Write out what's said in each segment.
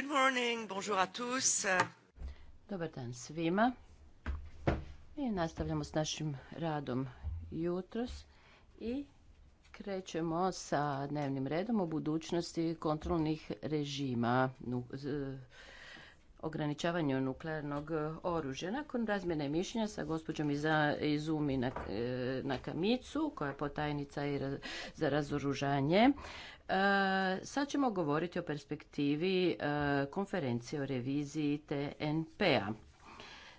Good morning, bonjour à tous. Dobar dan svima. Mi nastavljamo s našim radom jutros i krećemo sa dnevnim redom o budućnosti kontrolnih režima ograničavanju nuklearnog e, oružja. Nakon razmjene mišljenja sa gospođom Izumi e, na, Kamicu, koja je potajnica za razoružanje, e, sad ćemo govoriti o perspektivi konferencije o reviziji TNP-a.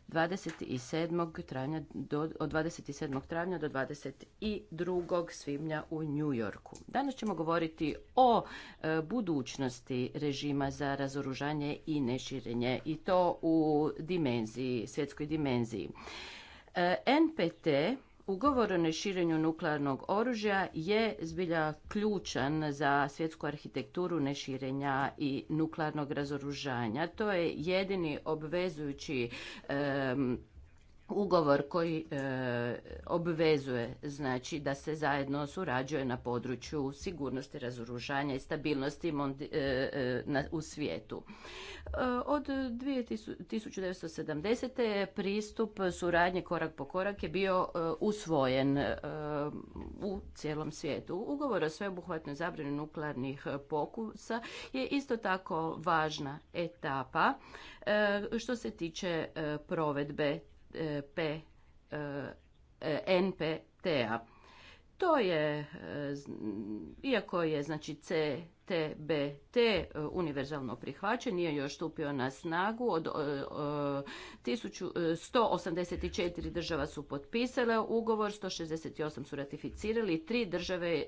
27. Travnja do, od 27. travnja do 22. svibnja u New Yorku. Danas ćemo govoriti o e, budućnosti režima za razoružanje i neširenje i to u dimenziji, svjetskoj dimenziji. E, NPT Ugovor o neširenju nuklearnog oružja je zbilja ključan za svjetsku arhitekturu neširenja i nuklearnog razoružanja. To je jedini obvezujući ugovor koji e, obvezuje znači da se zajedno surađuje na području sigurnosti razoružanja i stabilnosti e, e, u svijetu. E, od 1970. pristup suradnje korak po korak je bio usvojen u cijelom svijetu. Ugovor o sveobuhvatnoj zabrani nuklearnih pokusa je isto tako važna etapa što se tiče provedbe P, npta To je, e, iako je znači C TBT e, univerzalno prihvaćen, nije još stupio na snagu. Od 184 e, e, država su potpisale ugovor, 168 su ratificirali, tri države,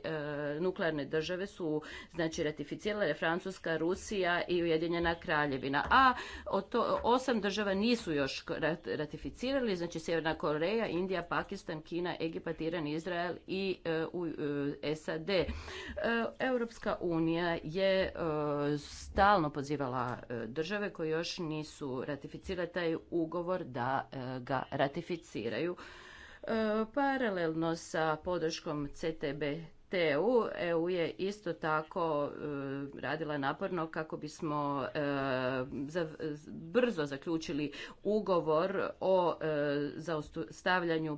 nuklearne države su znači ratificirale Francuska, Rusija i Ujedinjena Kraljevina. A od osam država nisu još ratificirali, znači Sjeverna Koreja, Indija, Pakistan, Kina, Egipat, Iran, Izrael i SAD. Europska unija je e, stalno pozivala e, države koje još nisu ratificirale taj ugovor da e, ga ratificiraju. Paralelno sa podrškom CTB eu EU je isto tako e, radila naporno kako bismo e, brzo zaključili ugovor o e, zaustavljanju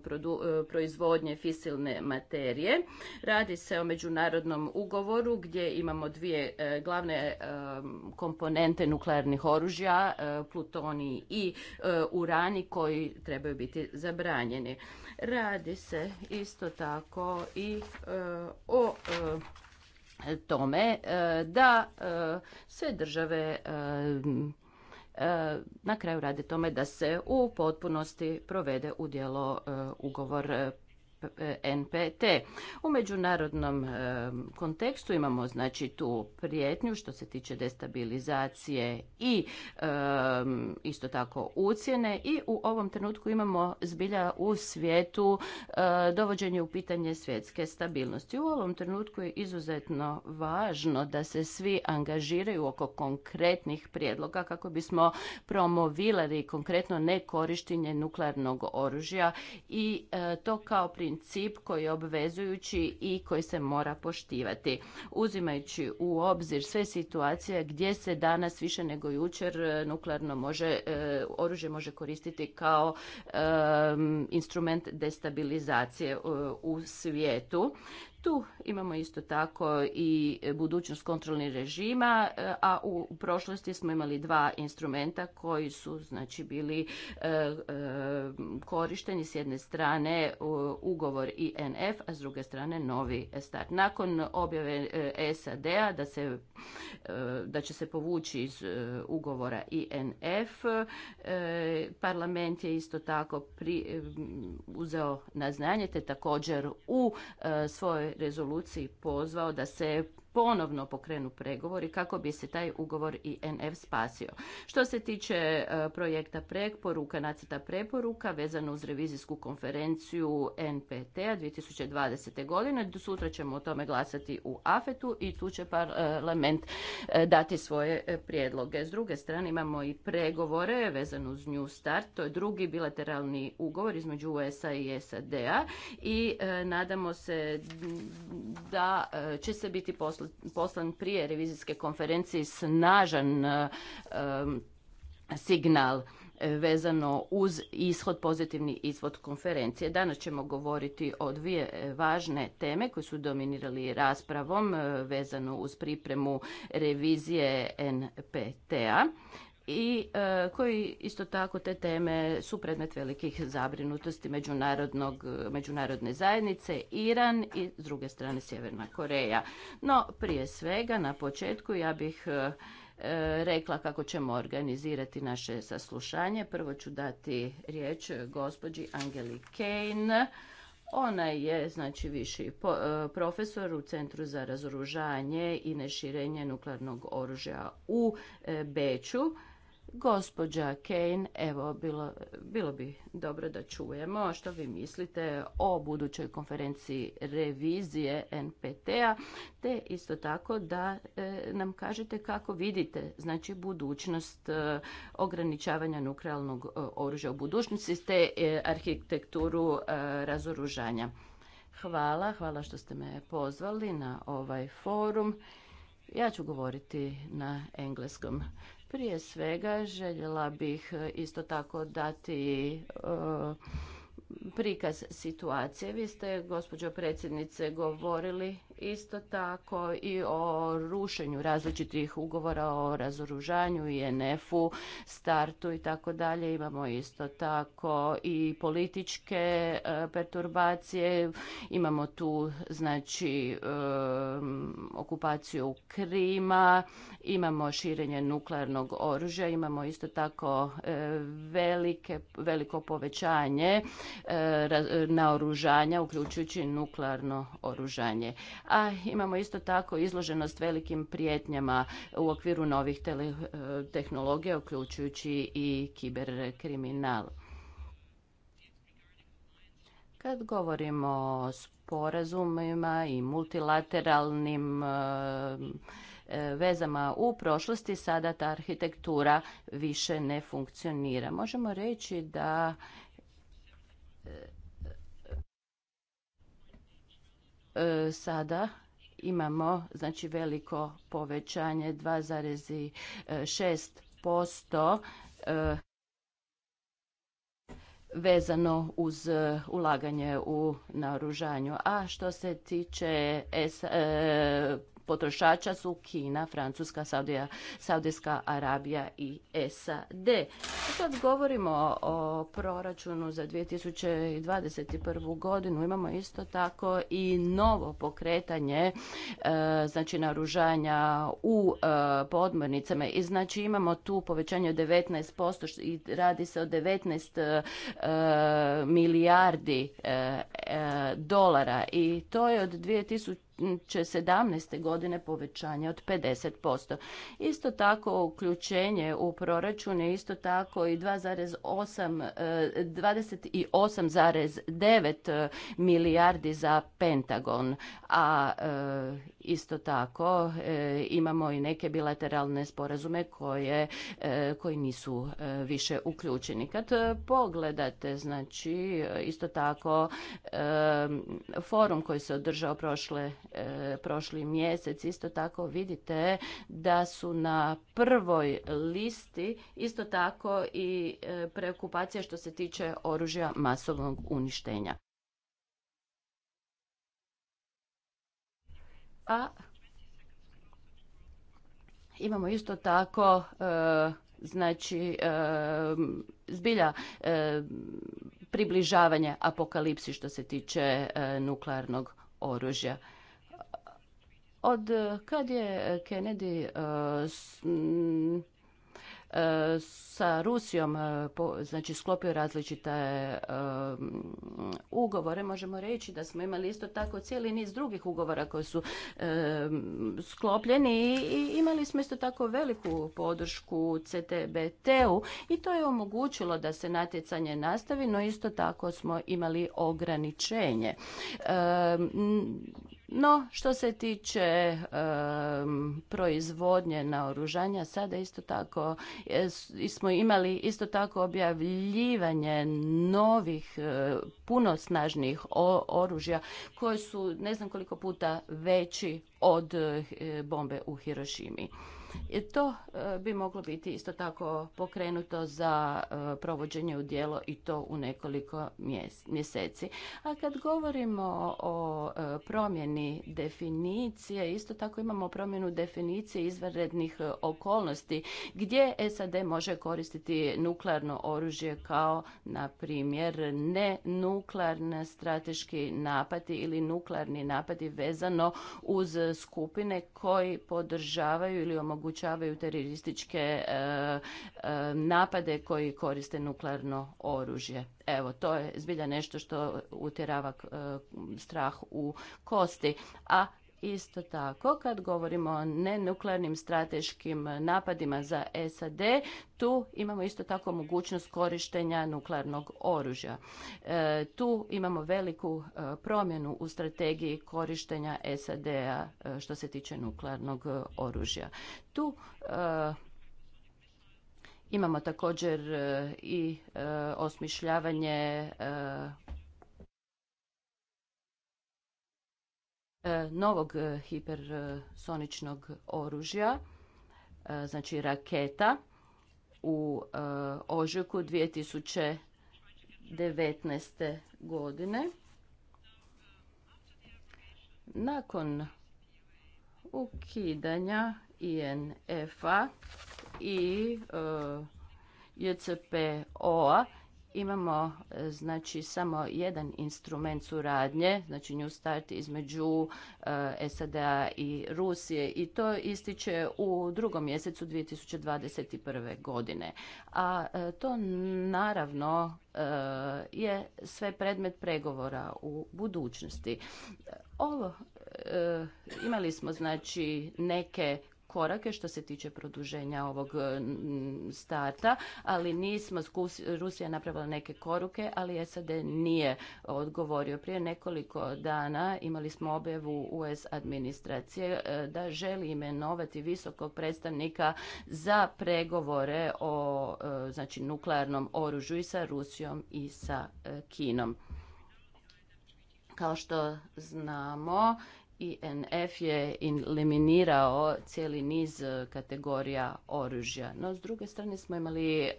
proizvodnje fisilne materije. Radi se o međunarodnom ugovoru gdje imamo dvije glavne komponente nuklearnih oružja, plutoni i urani koji trebaju biti zabranjeni. Radi se isto tako i o e, tome e, da e, sve države na kraju rade tome da se u potpunosti provede u djelo ugovor NPT. U međunarodnom e, kontekstu imamo znači tu prijetnju što se tiče destabilizacije i e, isto tako ucjene i u ovom trenutku imamo zbilja u svijetu e, dovođenje u pitanje svjetske stabilnosti. U ovom trenutku je izuzetno važno da se svi angažiraju oko konkretnih prijedloga kako bismo promovirali konkretno nekorištenje nuklearnog oružja i to kao prije princip koji je obvezujući i koji se mora poštivati. Uzimajući u obzir sve situacije gdje se danas više nego jučer e, nuklearno može, e, oružje može koristiti kao instrument destabilizacije e, u svijetu. Tu imamo isto tako i budućnost kontrolnih režima, a u prošlosti smo imali dva instrumenta koji su znači bili e, e, korišteni s jedne strane ugovor INF, a s druge strane novi start. Nakon objave e, SAD-a da da će se povući iz ugovora INF. Parlament je isto tako pri, uzeo na znanje te također u svojoj rezoluciji pozvao da se ponovno pokrenu pregovori kako bi se taj ugovor i NF spasio. Što se tiče e, projekta preporuka, nacrta preporuka vezano uz revizijsku konferenciju npt 2020. godine, sutra ćemo o tome glasati u AFET-u i tu će parlament e, dati svoje e, prijedloge. S druge strane imamo i pregovore vezano uz New Start, to je drugi bilateralni ugovor između USA i SAD-a i nadamo se da će se biti posla poslan prije revizijske konferencije snažan e, signal e, vezano uz ishod, pozitivni ishod konferencije. Danas ćemo govoriti o dvije e, važne teme koje su dominirali raspravom vezano uz pripremu revizije NPT-a i e, koji isto tako te teme su predmet velikih zabrinutosti međunarodnog, međunarodne zajednice, Iran i s druge strane Sjeverna Koreja. No prije svega na početku ja bih e, e, rekla kako ćemo organizirati naše saslušanje. Prvo ću dati riječ gospođi Angeli Kane. Ona je znači viši profesor u Centru za razoružanje i neširenje nuklearnog oružja u Beču. Gospođa Kane, evo, bilo, bilo bi dobro da čujemo što vi mislite o budućoj konferenciji revizije NPT-a, te isto tako da e, nam kažete kako vidite znači budućnost e, ograničavanja nuklearnog e, oružja u budućnosti te arhitekturu razoružanja. Hvala, hvala što ste me pozvali na ovaj forum. Ja ću govoriti na engleskom. Prije svega željela bih e, isto tako dati e, prikaz situacije. Vi ste, gospođo predsjednice, govorili isto tako i o rušenju različitih ugovora o razoružanju, nf u startu i tako dalje. Imamo isto tako i političke e, perturbacije, imamo tu znači e, okupaciju Krima, imamo širenje nuklearnog oružja, imamo isto tako e, velike, veliko povećanje naoružanja, uključujući nuklearno oružanje a imamo isto tako izloženost velikim prijetnjama u okviru novih eh, tehnologija, uključujući i kiberkriminal. Kad govorimo o sporazumima i multilateralnim eh, eh, vezama u prošlosti, sada ta arhitektura više ne funkcionira. Možemo reći da E, sada imamo znači veliko povećanje 2,6% e, vezano uz e, ulaganje u naoružanju. A što se tiče potrošača su Kina, Francuska, Saudijska Arabija i SAD. Kad govorimo o proračunu za 2021. godinu, imamo isto tako i novo pokretanje e, znači naružanja u e, podmornicama i znači imamo tu povećanje od 19% i radi se o 19 e, milijardi dolara i to je od 2000 2017. godine povećanje od 50%. Isto tako uključenje u proračun je isto tako i 28,9 e, e, milijardi za Pentagon, a e, isto tako imamo i neke bilateralne sporazume koje, koji nisu više uključeni. Kad pogledate, znači isto tako forum koji se održao prošle E, prošli mjesec. Isto tako vidite da su na prvoj listi isto tako i e, preokupacije što se tiče oružja masovnog uništenja. A imamo isto tako e, znači zbilja približavanje apokalipsi što se tiče nuklearnog oružja. Od eh, kad je eh, Kennedy eh, mm, sa Rusijom znači sklopio različite ugovore možemo reći da smo imali isto tako cijeli niz drugih ugovora koji su sklopljeni i imali smo isto tako veliku podršku CTBT-u i to je omogućilo da se natjecanje nastavi no isto tako smo imali ograničenje no, što se tiče e, proizvodnje naoružanja, sada isto tako smo imali isto tako objavljivanje novih e, puno snažnih oružja koje su ne znam koliko puta veći od e, bombe u Hirošimi. To e, bi moglo biti isto tako pokrenuto za e, provođenje u djelo i to u nekoliko mjeseci. A kad govorimo o e, promjeni definicije, isto tako imamo promjenu definicije izvanrednih okolnosti gdje SAD može koristiti nuklearno oružje kao, na primjer, ne nuklearne strateški napadi ili nuklearni napadi vezano uz skupine koji podržavaju ili omogućavaju omogućavaju terorističke e, e, napade koji koriste nuklearno oružje. Evo, to je zbilja nešto što utjerava e, strah u kosti. A Isto tako, kad govorimo o nenuklearnim strateškim napadima za SAD, tu imamo isto tako mogućnost korištenja nuklearnog oružja. E, tu imamo veliku e, promjenu u strategiji korištenja SAD-a e, što se tiče nuklearnog oružja. Tu Imamo također i osmišljavanje E, novog e, hipersoničnog oružja, e, znači raketa, u ožujku 2019. godine. Nakon ukidanja INF-a i JCPO-a imamo e, znači samo jedan instrument suradnje, znači New Start između e, SADA i Rusije i to ističe u drugom mjesecu 2021. godine. A e, to naravno je sve predmet pregovora u budućnosti. Ovo imali smo znači neke korake što se tiče produženja ovog e, starta, ali nismo, Rusija je napravila neke koruke, ali SAD nije odgovorio. Prije nekoliko dana imali smo objavu US administracije e, da želi imenovati visokog predstavnika za pregovore o e, znači, nuklearnom oružju i sa Rusijom i sa Kinom. Kao što znamo, INF je eliminirao cijeli niz e, kategorija oružja. No, s druge strane smo imali e,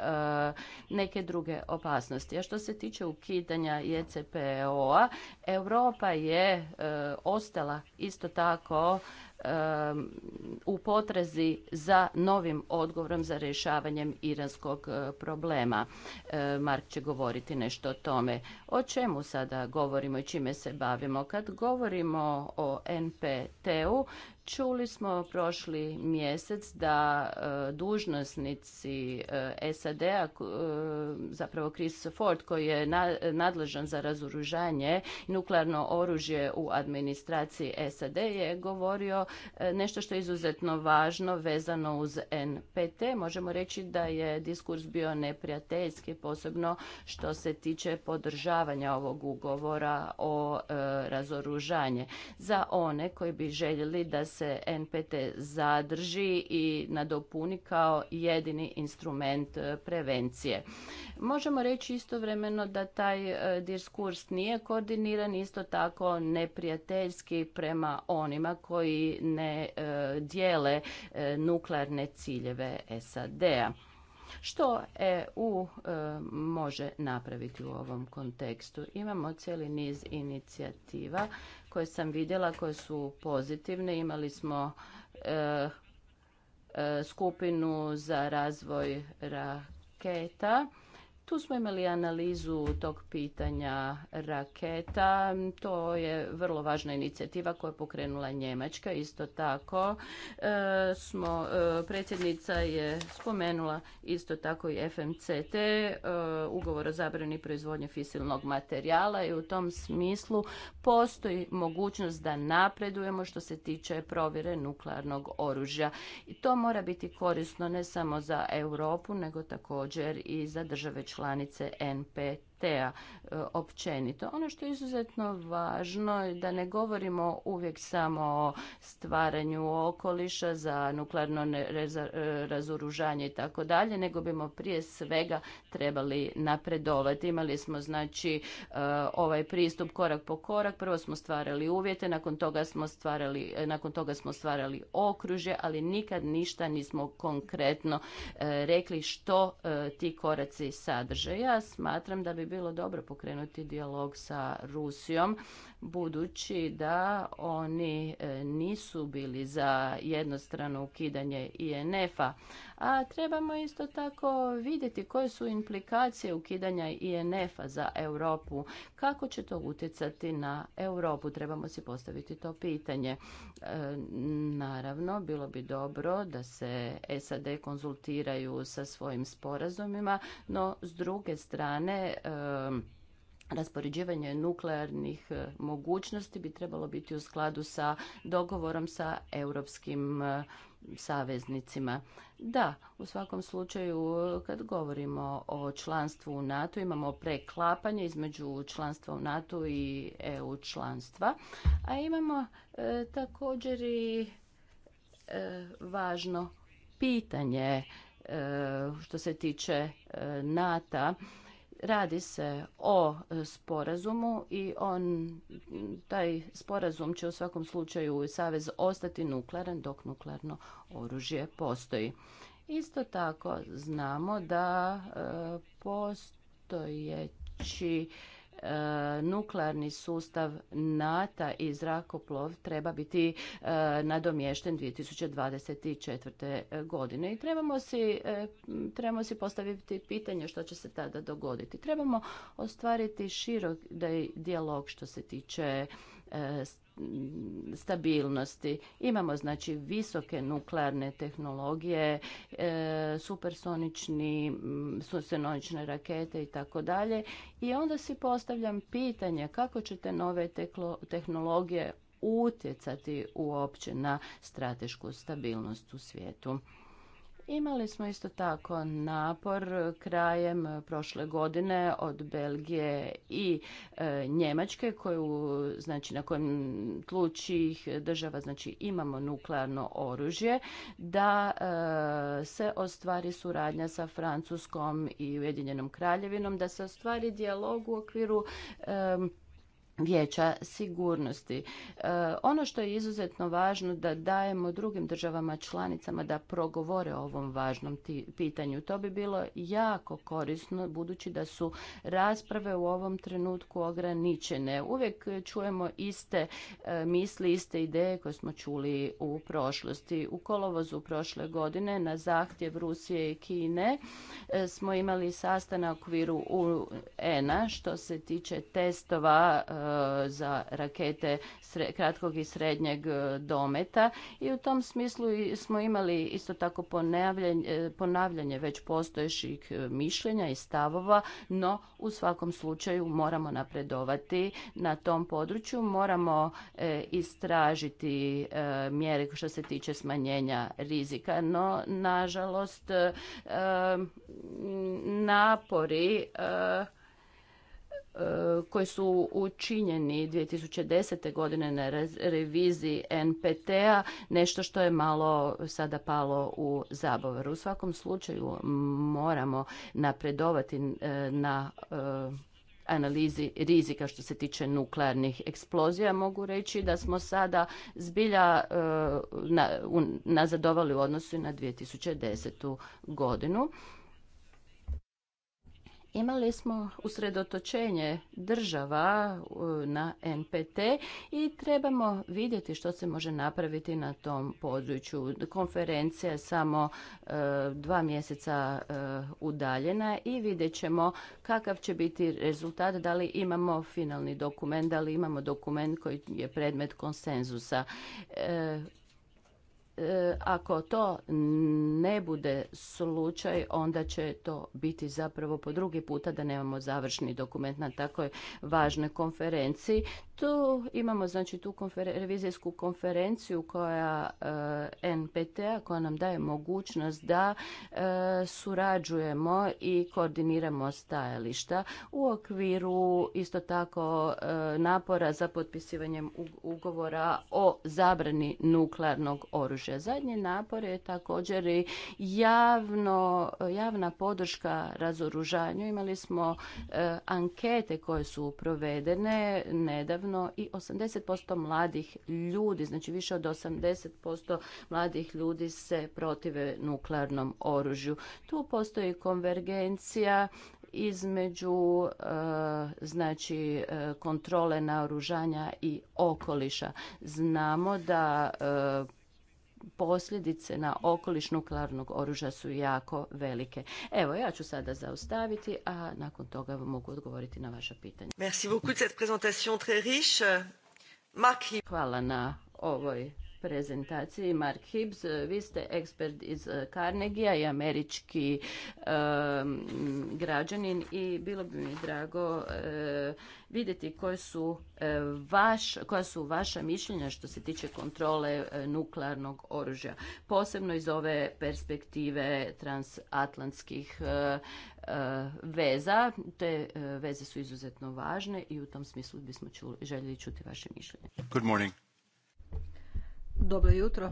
neke druge opasnosti. A što se tiče ukidanja JCPO-a, e Europa je ostala isto tako u potrazi za novim odgovorom za rješavanjem iranskog e, problema. E, Mark će govoriti nešto o tome. O čemu sada govorimo i čime se bavimo? Kad govorimo o NPT-u, Čuli smo prošli mjesec da e, dužnosnici e, SAD-a, e, zapravo Chris Ford koji je nadležan za razoružanje nuklearno oružje u administraciji SAD je govorio nešto što je izuzetno važno vezano uz NPT. Možemo reći da je diskurs bio neprijateljski, posebno što se tiče podržavanja ovog ugovora o razoružanje. Za one koji bi željeli da se NPT zadrži i nadopuni kao jedini instrument e, prevencije. Možemo reći istovremeno da taj e, diskurs nije koordiniran, isto tako neprijateljski prema onima koji ne e, dijele nuklearne ciljeve SAD-a. Što EU e, može napraviti u ovom kontekstu? Imamo cijeli niz inicijativa koje sam vidjela, koje su pozitivne. Imali smo e, e, skupinu za razvoj raketa tu smo imali analizu tog pitanja raketa. To je vrlo važna inicijativa koju je pokrenula Njemačka. Isto tako e, smo, e, predsjednica je spomenula isto tako i FMCT, e, ugovor o zabrani proizvodnje fisilnog materijala i u tom smislu postoji mogućnost da napredujemo što se tiče provjere nuklearnog oružja. I to mora biti korisno ne samo za Europu, nego također i za države članice NP E, općenito. Ono što je izuzetno važno je da ne govorimo uvijek samo o stvaranju okoliša za nuklearno e, razoružanje i tako dalje, nego bimo prije svega trebali napredovati. Imali smo znači e, ovaj pristup korak po korak. Prvo smo stvarali uvjete, nakon toga smo stvarali, nakon toga smo stvarali okružje, ali nikad ništa nismo konkretno rekli što ti koraci sadrže. Ja smatram da bi bilo dobro pokrenuti dijalog sa Rusijom budući da oni e, nisu bili za jednostrano ukidanje INF-a. A trebamo isto tako vidjeti koje su implikacije ukidanja INF-a za Europu, kako će to utjecati na Europu, trebamo si postaviti to pitanje. E, naravno, bilo bi dobro da se SAD konzultiraju sa svojim sporazumima, no s druge strane e, raspoređivanje nuklearnih e, mogućnosti bi trebalo biti u skladu sa dogovorom sa europskim e, saveznicima. Da, u svakom slučaju e, kad govorimo o članstvu u NATO imamo preklapanje između članstva u NATO i EU članstva, a imamo također i važno pitanje što se tiče NATO Radi se o e, sporazumu i on, taj sporazum će u svakom slučaju Savez ostati nuklearan dok nuklearno oružje postoji. Isto tako znamo da e, postojeći E, nuklearni sustav NATO i zrakoplov treba biti e, nadomješten 2024. godine. I trebamo si, e, trebamo si postaviti pitanje što će se tada dogoditi. Trebamo ostvariti širok dijalog što se tiče stabilnosti. Imamo znači visoke nuklearne tehnologije, e, supersonični, mm, supersonične rakete i tako dalje. I onda si postavljam pitanje kako će te nove tehnologije utjecati uopće na stratešku stabilnost u svijetu. Imali smo isto tako napor krajem prošle godine od Belgije i e, Njemačke koju znači na kojem tlu država znači imamo nuklearno oružje da e, se ostvari suradnja sa Francuskom i Ujedinjenom Kraljevinom da se ostvari dijalog u okviru e, vijeća sigurnosti. E, ono što je izuzetno važno da dajemo drugim državama članicama da progovore o ovom važnom pitanju. To bi bilo jako korisno budući da su rasprave u ovom trenutku ograničene. Uvijek čujemo iste e, misli, iste ideje koje smo čuli u prošlosti. U kolovozu prošle godine na zahtjev Rusije i Kine e, smo imali sastanak u okviru UN-a što se tiče testova Eh, za rakete kratkog i srednjeg eh, dometa i u tom smislu smo imali isto tako ponavljanje, eh, već postojećih mišljenja i stavova, no u svakom slučaju moramo napredovati na tom području, moramo istražiti mjere što se tiče smanjenja rizika, no nažalost napori koji su učinjeni 2010. godine na reviziji NPT-a, nešto što je malo sada palo u zabavar. U svakom slučaju moramo napredovati e, na e, analizi rizika što se tiče nuklearnih eksplozija mogu reći da smo sada zbilja e, nazadovali u odnosu na 2010. godinu imali smo usredotočenje država na NPT i trebamo vidjeti što se može napraviti na tom području. Konferencija je samo e, dva mjeseca e, udaljena i vidjet ćemo kakav će biti rezultat, da li imamo finalni dokument, da li imamo dokument koji je predmet konsenzusa. E, E, ako to ne bude slučaj, onda će to biti zapravo po drugi puta da nemamo završni dokument na takoj važnoj konferenciji. Tu imamo znači tu revizijsku konferenciju koja e, NPT-a koja nam daje mogućnost da e, surađujemo i koordiniramo stajališta u okviru isto tako e, napora za potpisivanjem ugovora o zabrani nuklearnog oružja. Zadnji napor je također i javno, javna podrška razoružanju. Imali smo ankete koje su provedene nedavno aktivno i 80% mladih ljudi, znači više od 80% mladih ljudi se protive nuklearnom oružju. Tu postoji konvergencija između eh, znači eh, kontrole naoružanja i okoliša. Znamo da eh, posljedice na okoliš nuklearnog oružja su jako velike. Evo, ja ću sada zaustaviti, a nakon toga mogu odgovoriti na vaša pitanja. Merci beaucoup cette présentation très Hvala na ovoj prezentaciji. Mark Hibbs, eh, vi ste ekspert iz eh, Carnegie i američki ehm, građanin i bilo bi mi drago eh, vidjeti koje su koja su vaša mišljenja što se tiče kontrole nuklearnog oružja, posebno iz ove perspektive transatlantskih veza. Te veze su izuzetno važne i u tom smislu bismo čuli, željeli čuti vaše mišljenje. Good morning. Dobro jutro.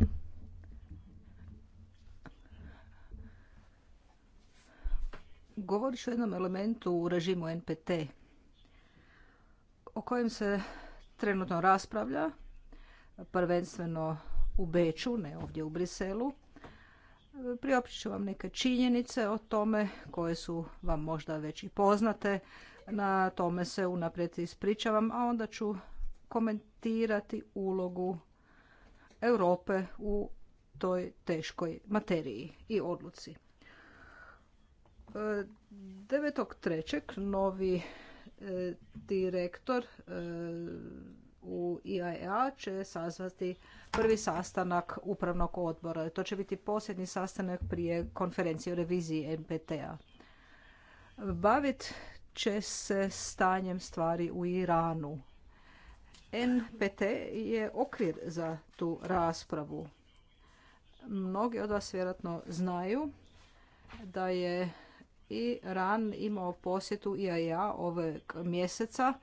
Govoriš o jednom elementu u režimu NPT o kojem se trenutno raspravlja, prvenstveno u Beču, ne ovdje u Briselu. Priopćit ću vam neke činjenice o tome koje su vam možda već i poznate. Na tome se unaprijed ispričavam, a onda ću komentirati ulogu Europe u toj teškoj materiji i odluci. 9.3. E, novi e, direktor e, u IAEA će sazvati prvi sastanak upravnog odbora. To će biti posljednji sastanak prije konferencije o reviziji NPT-a. Bavit će se stanjem stvari u Iranu NPT je okvir za tu raspravu. Mnogi od vas vjerojatno znaju da je i RAN imao posjetu IAEA ovog mjeseca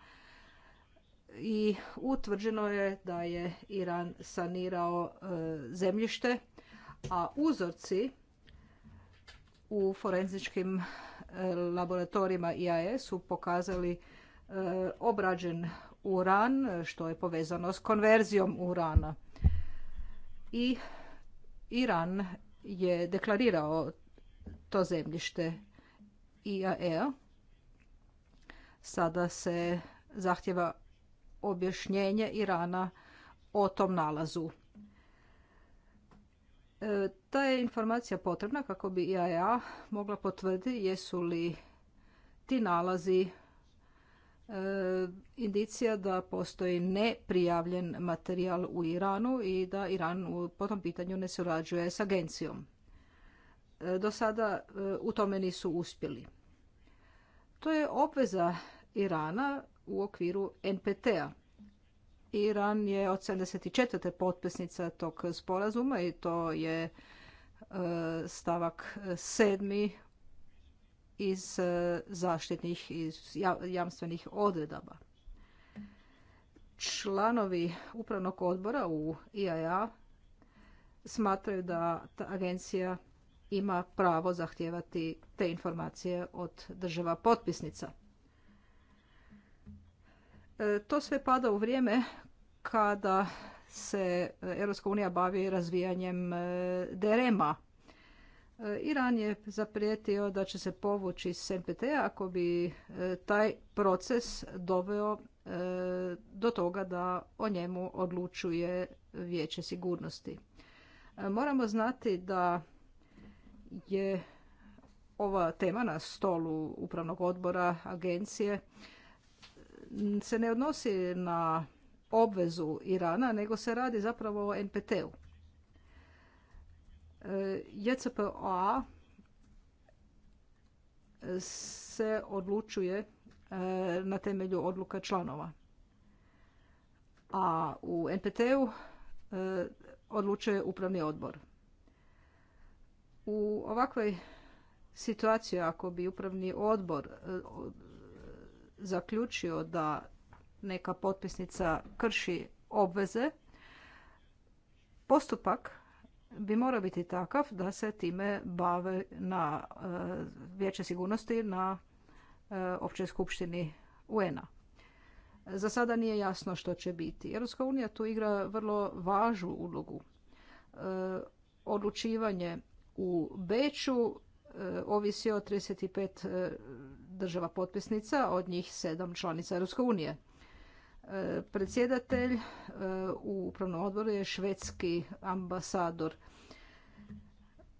i utvrđeno je da je Iran sanirao e, zemljište, a uzorci u forenzičkim e, laboratorijima IAE su pokazali e, obrađen uran, što je povezano s konverzijom urana. I Iran je deklarirao to zemljište iae Sada se zahtjeva objašnjenje Irana o tom nalazu. E, ta je informacija potrebna kako bi IAEA mogla potvrditi jesu li ti nalazi E, indicija da postoji neprijavljen materijal u Iranu i da Iran po tom pitanju ne surađuje s agencijom. E, do sada e, u tome nisu uspjeli. To je obveza Irana u okviru NPT-a. Iran je od 74. potpisnica tog sporazuma i to je stavak sedmi, iz e, zaštitnih i jamstvenih odredaba. Članovi upravnog odbora u IAA smatraju da ta agencija ima pravo zahtijevati te informacije od država potpisnica. E, to sve pada u vrijeme kada se EU bavi razvijanjem e, DRM-a E, Iran je zaprijetio da će se povući iz NPT ako bi e, taj proces doveo e, do toga da o njemu odlučuje vijeće sigurnosti. Moramo znati da je ova tema na stolu upravnog odbora agencije se ne odnosi na obvezu Irana, nego se radi zapravo o NPT-u. JCPOA se odlučuje e, na temelju odluka članova. A u NPT-u e, odlučuje upravni odbor. U ovakvoj situaciji ako bi upravni odbor e, zaključio da neka potpisnica krši obveze, postupak bi morao biti takav da se time bave na e, vijeće sigurnosti na e, općoj skupštini UN-a. Za sada nije jasno što će biti. Europska unija tu igra vrlo važnu ulogu. E, odlučivanje u Beču ovisi o 35 država potpisnica, od njih sedam članica Europske unije. Predsjedatelj e, u upravnom odboru je švedski ambasador.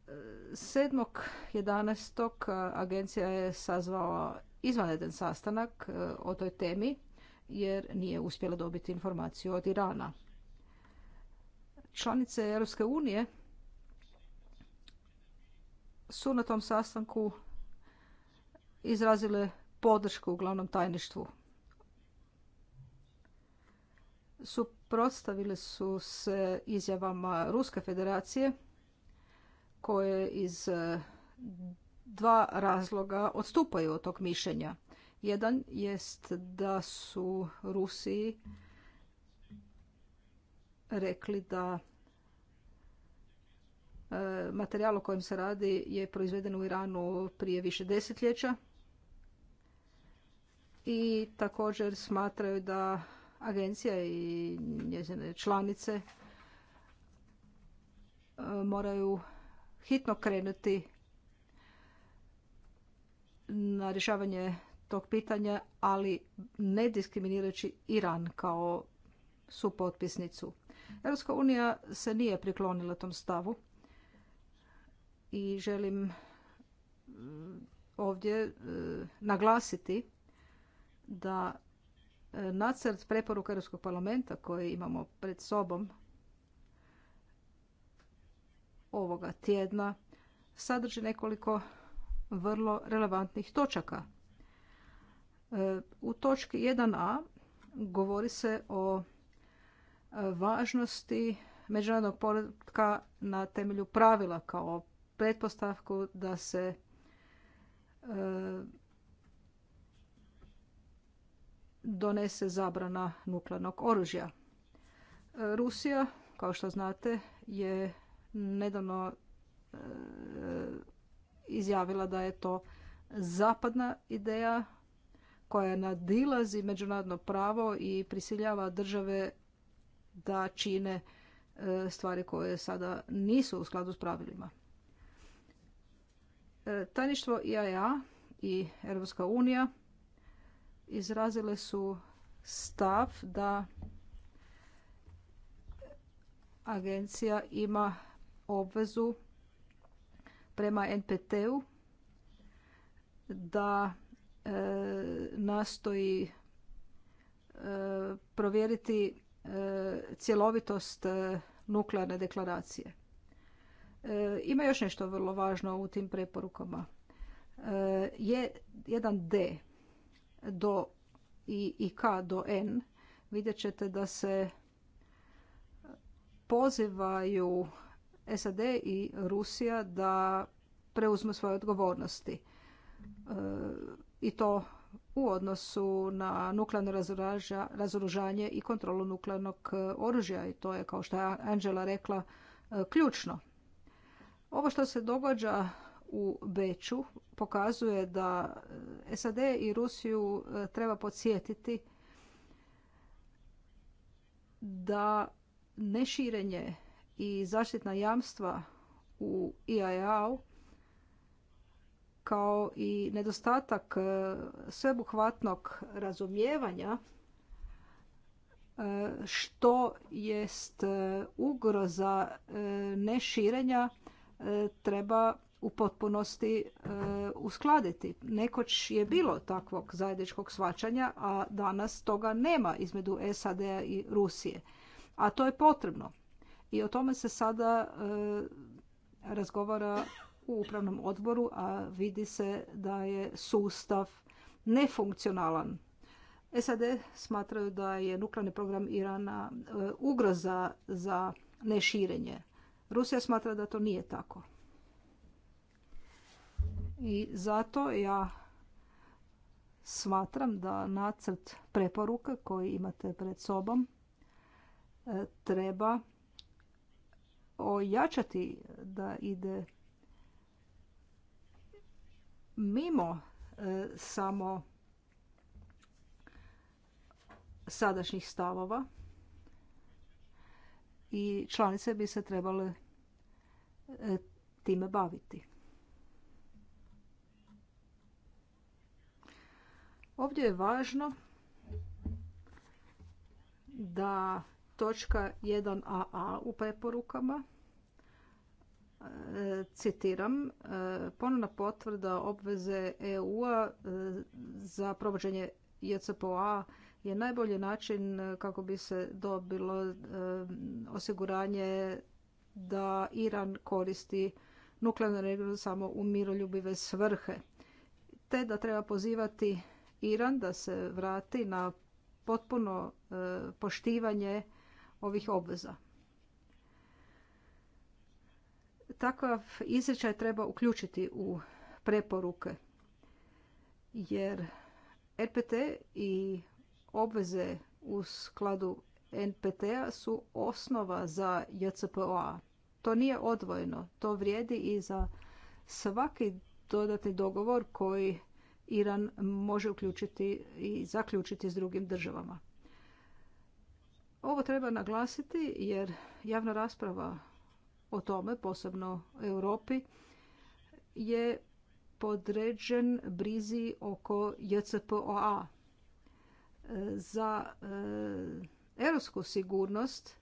7.11. agencija je sazvala izvanredan sastanak e, o toj temi jer nije uspjela dobiti informaciju od Irana. Članice Europske unije su na tom sastanku izrazile podršku u glavnom tajništvu suprotstavile su se izjavama Ruske federacije koje iz e, dva razloga odstupaju od tog mišljenja. Jedan jest da su Rusiji rekli da e, materijal o kojem se radi je proizveden u Iranu prije više desetljeća i također smatraju da agencija i njezine članice e, moraju hitno krenuti na rješavanje tog pitanja, ali ne diskriminirajući Iran kao supotpisnicu. Europska unija se nije priklonila tom stavu i želim e, ovdje e, naglasiti da nacrt preporuka Europskog parlamenta koji imamo pred sobom ovoga tjedna sadrži nekoliko vrlo relevantnih točaka. E, u točki 1a govori se o važnosti međunarodnog poretka na temelju pravila kao pretpostavku da se e, donese zabrana nuklearnog oružja. Rusija, kao što znate, je nedavno e, izjavila da je to zapadna ideja koja nadilazi međunarodno pravo i prisiljava države da čine e, stvari koje sada nisu u skladu s pravilima. E, tajništvo IAEA i Europska unija izrazile su stav da agencija ima obvezu prema NPT-u da e, nastoji e, provjeriti e, cjelovitost nuklearne deklaracije. Ima još nešto vrlo važno u tim preporukama. Je jedan D do i, i K do N, vidjet ćete da se pozivaju SAD i Rusija da preuzmu svoje odgovornosti. E, I to u odnosu na nuklearno razoružanje i kontrolu nuklearnog e, oružja. I to je, kao što je Angela rekla, e, ključno. Ovo što se događa u Beču pokazuje da e, SAD i Rusiju e, treba podsjetiti da neširenje i zaštitna jamstva u iaea e kao i nedostatak sveobuhvatnog razumijevanja što jest ugroza neširenja treba u potpunosti e, uskladiti. Nekoć je bilo takvog zajedničkog svačanja, a danas toga nema između SAD-a i Rusije. A to je potrebno. I o tome se sada e, razgovara u upravnom odboru, a vidi se da je sustav nefunkcionalan. SAD smatraju da je nuklearni program Irana e, ugroza za neširenje. Rusija smatra da to nije tako. I zato ja smatram da nacrt preporuka koji imate pred sobom e, treba ojačati da ide mimo e, samo sadašnjih stavova i članice bi se trebale e, time baviti. Ovdje je važno da točka 1AA u preporukama e, citiram, e, ponovna potvrda obveze EU-a e, za provođenje JCPOA je najbolji način kako bi se dobilo osiguranje da Iran koristi nuklearnu energiju samo u miroljubive svrhe, te da treba pozivati Iran da se vrati na potpuno e, poštivanje ovih obveza. Takav izričaj treba uključiti u preporuke jer RPT i obveze u skladu NPT-a su osnova za JCPOA. To nije odvojeno, to vrijedi i za svaki dodatni dogovor koji Iran može uključiti i zaključiti s drugim državama. Ovo treba naglasiti jer javna rasprava o tome, posebno Europi, je podređen brizi oko JCPOA. Za e, europsku sigurnost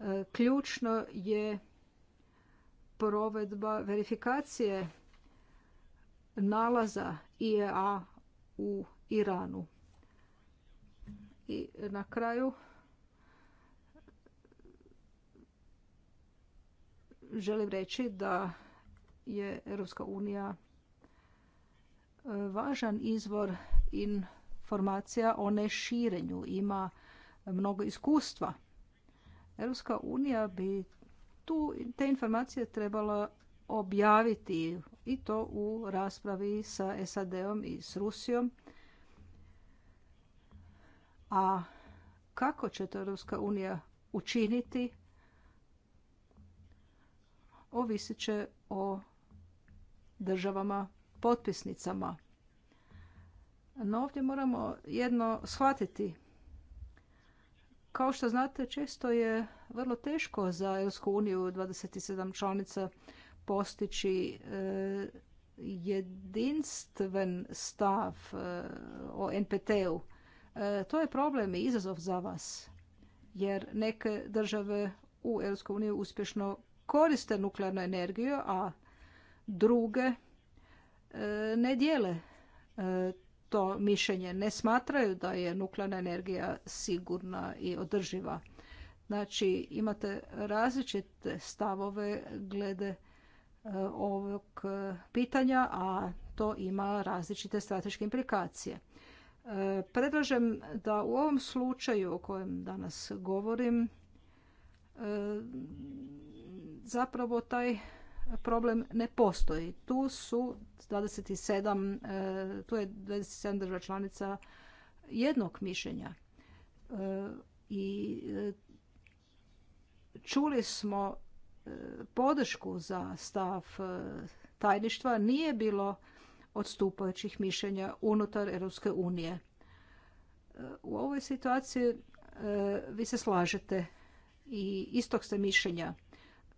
e, ključno je provedba verifikacije nalaza IEA u Iranu. I na kraju želim reći da je Europska unija e, važan izvor informacija o neširenju. Ima mnogo iskustva. Europska unija bi tu te informacije trebala objaviti i to u raspravi sa SAD-om i s Rusijom. A kako će to Europska unija učiniti ovisit će o državama potpisnicama. No ovdje moramo jedno shvatiti. Kao što znate, često je vrlo teško za Europsku uniju 27 članica postići e, jedinstven stav e, o NPT-u. E, to je problem i izazov za vas, jer neke države u EU uspješno koriste nuklearnu energiju, a druge ne dijele to mišljenje, ne smatraju da je nuklearna energija sigurna i održiva. Znači imate različite stavove glede E, ovog e, pitanja, a to ima različite strateške implikacije. E, predlažem da u ovom slučaju o kojem danas govorim zapravo taj problem ne postoji. Tu su 27, tu je 27 država članica jednog mišljenja. I čuli smo podršku za stav e, tajništva nije bilo odstupajućih mišljenja unutar Europske unije. E, u ovoj situaciji e, vi se slažete i istog ste mišljenja.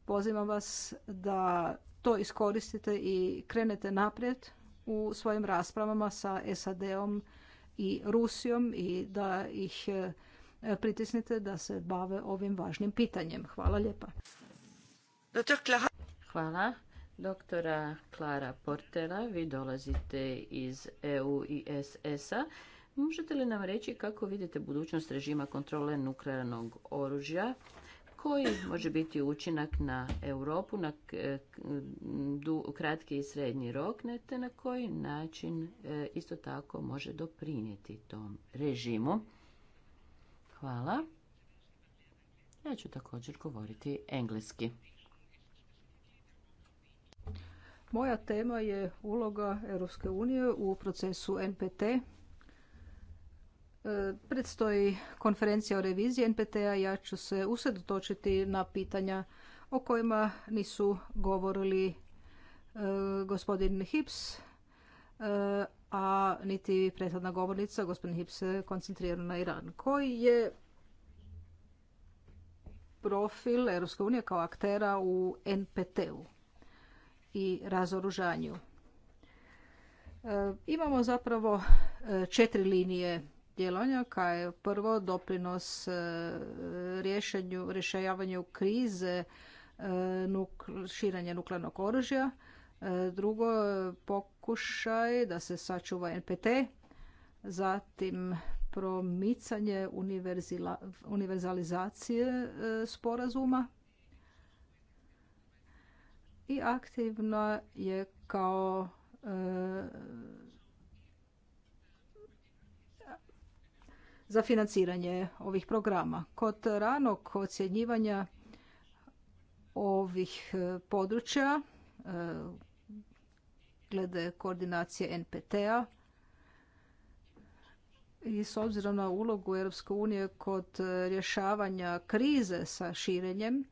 Pozivam vas da to iskoristite i krenete naprijed u svojim raspravama sa SAD-om i Rusijom i da ih pritisnite da se bave ovim važnim pitanjem. Hvala lijepa. Hvala. Doktora Klara Portela, vi dolazite iz EU i SS-a. Možete li nam reći kako vidite budućnost režima kontrole nuklearnog oružja? Koji može biti učinak na Europu na e, kratki i srednji rok, te na koji način e, isto tako može doprinijeti tom režimu? Hvala. Ja ću također govoriti engleski. Moja tema je uloga Europske unije u procesu NPT. E, predstoji konferencija o reviziji NPT-a. Ja ću se usredotočiti na pitanja o kojima nisu govorili e, gospodin Hips, e, a niti prethodna govornica, gospodin Hips, se koncentrirao na Iran. Koji je profil Europske unije kao aktera u NPT-u? i razoružanju. E, imamo zapravo e, četiri linije djelovanja, kao je prvo doprinos e, rješenju, rješavanju krize širenja nuklearnog oružja, drugo pokušaj da se sačuva NPT, zatim promicanje univerzalizacije sporazuma, i aktivno je kao e, za financiranje ovih programa. Kod ranog ocjenjivanja ovih e, područja e, glede koordinacije NPT-a i s obzirom na ulogu Europske unije kod rješavanja krize sa širenjem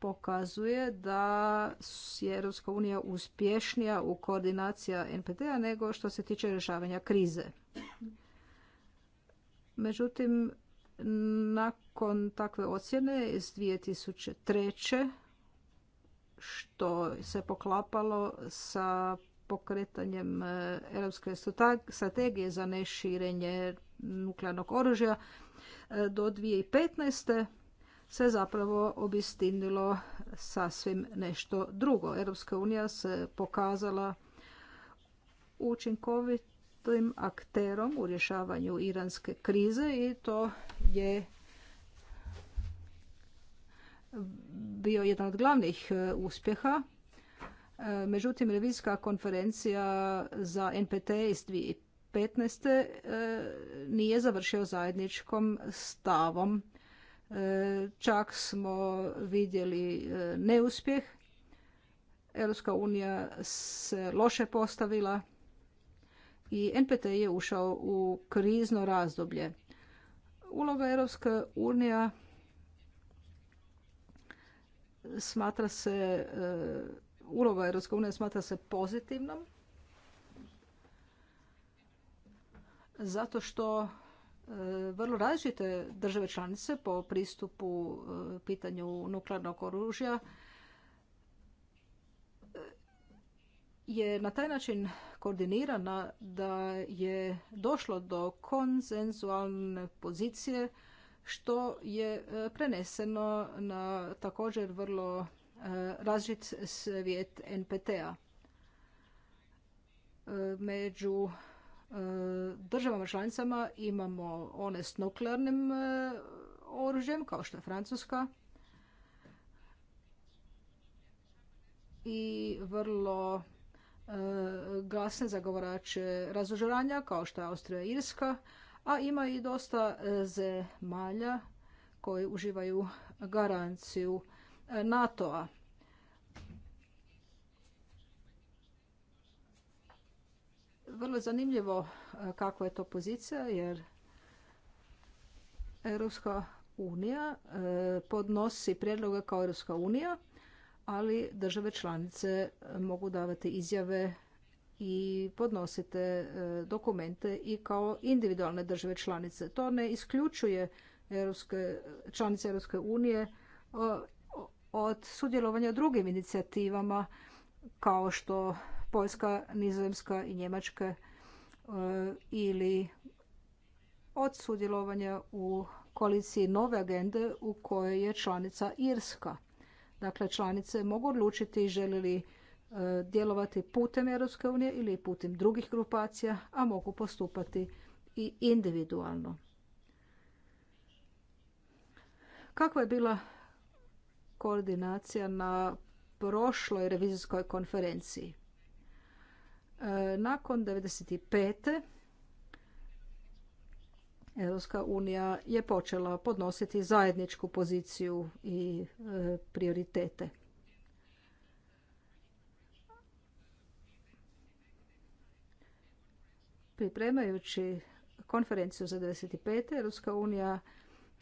pokazuje da je EU unija uspješnija u koordinacija NPD-a nego što se tiče rješavanja krize. Međutim, nakon takve ocjene iz 2003. što se poklapalo sa pokretanjem e, Europske strategije za neširenje nuklearnog oružja e, do 2015 se zapravo obistinilo sasvim nešto drugo. Europska unija se pokazala učinkovitim akterom u rješavanju iranske krize i to je bio jedan od glavnih e, uspjeha. E, međutim, revizijska konferencija za NPT iz 2015. E, nije završio zajedničkom stavom čak smo vidjeli e, neuspjeh. Europska unija se loše postavila i NPT je ušao u krizno razdoblje. Uloga Europske unija smatra se e, uloga Europske unije smatra se pozitivnom zato što vrlo različite države članice po pristupu e, pitanju nuklearnog oružja e, je na taj način koordinirana da je došlo do konsenzualne pozicije što je e, preneseno na također vrlo različit svijet NPT-a. Među državama članicama imamo one s nuklearnim e, oružjem kao što je Francuska i vrlo e, glasne zagovorače razožaranja kao što je Austrija i Irska, a ima i dosta e, zemalja koji uživaju garanciju NATO-a. vrlo zanimljivo e, kakva je to pozicija jer Europska unija e, podnosi prijedloge kao Europska unija, ali države članice mogu davati izjave i podnosite e, dokumente i kao individualne države članice. To ne isključuje Europske, članice Europske unije od sudjelovanja drugim inicijativama kao što Poljska, Nizozemska i Njemačka e, ili od sudjelovanja u koaliciji nove agende u kojoj je članica Irska. Dakle, članice mogu odlučiti žele li e, djelovati putem Europske unije ili putem drugih grupacija, a mogu postupati i individualno. Kakva je bila koordinacija na prošloj revizijskoj konferenciji? E, nakon 1995. Europska unija je počela podnositi zajedničku poziciju i e, prioritete. Pripremajući konferenciju za 1995. Europska unija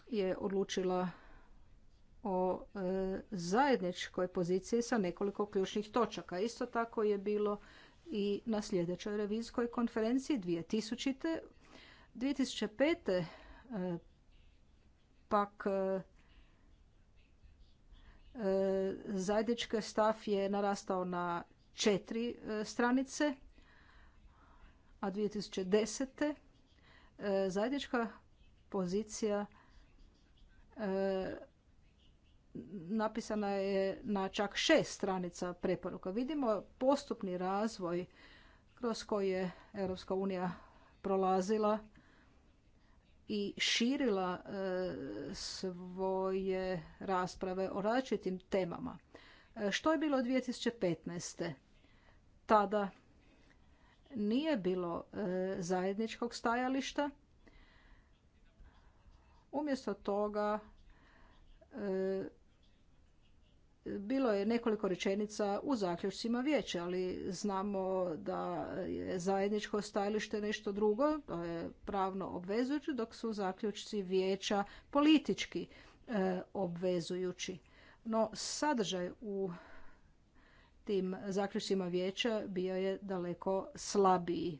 je odlučila o e, zajedničkoj poziciji sa nekoliko ključnih točaka. Isto tako je bilo i na sljedećoj revizijskoj konferenciji 2000. 2005. E, pak e, e, zajednički stav je narastao na četiri stranice, a 2010. zajednička pozicija napisana je na čak šest stranica preporuka. Vidimo postupni razvoj kroz koji je Europska unija prolazila i širila e, svoje rasprave o različitim temama. E, što je bilo 2015. Tada nije bilo e, zajedničkog stajališta. Umjesto toga bilo je nekoliko rečenica u zaključcima vijeća, ali znamo da je zajedničko stajalište nešto drugo, to je pravno obvezujuće, dok su zaključci vijeća politički e, obvezujući. No sadržaj u tim zaključcima vijeća bio je daleko slabiji.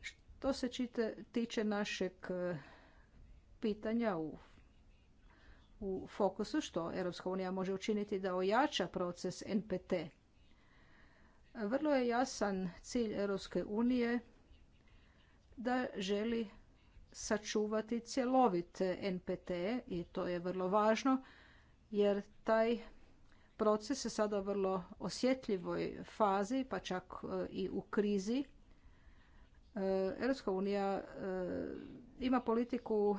Što se tiče našeg pitanja u u fokusu što Europska unija može učiniti da ojača proces NPT. Vrlo je jasan cilj Europske unije da želi sačuvati cjelovit NPT i to je vrlo važno jer taj proces je sada u vrlo osjetljivoj fazi pa čak e, i u krizi. E, Europska unija e, ima politiku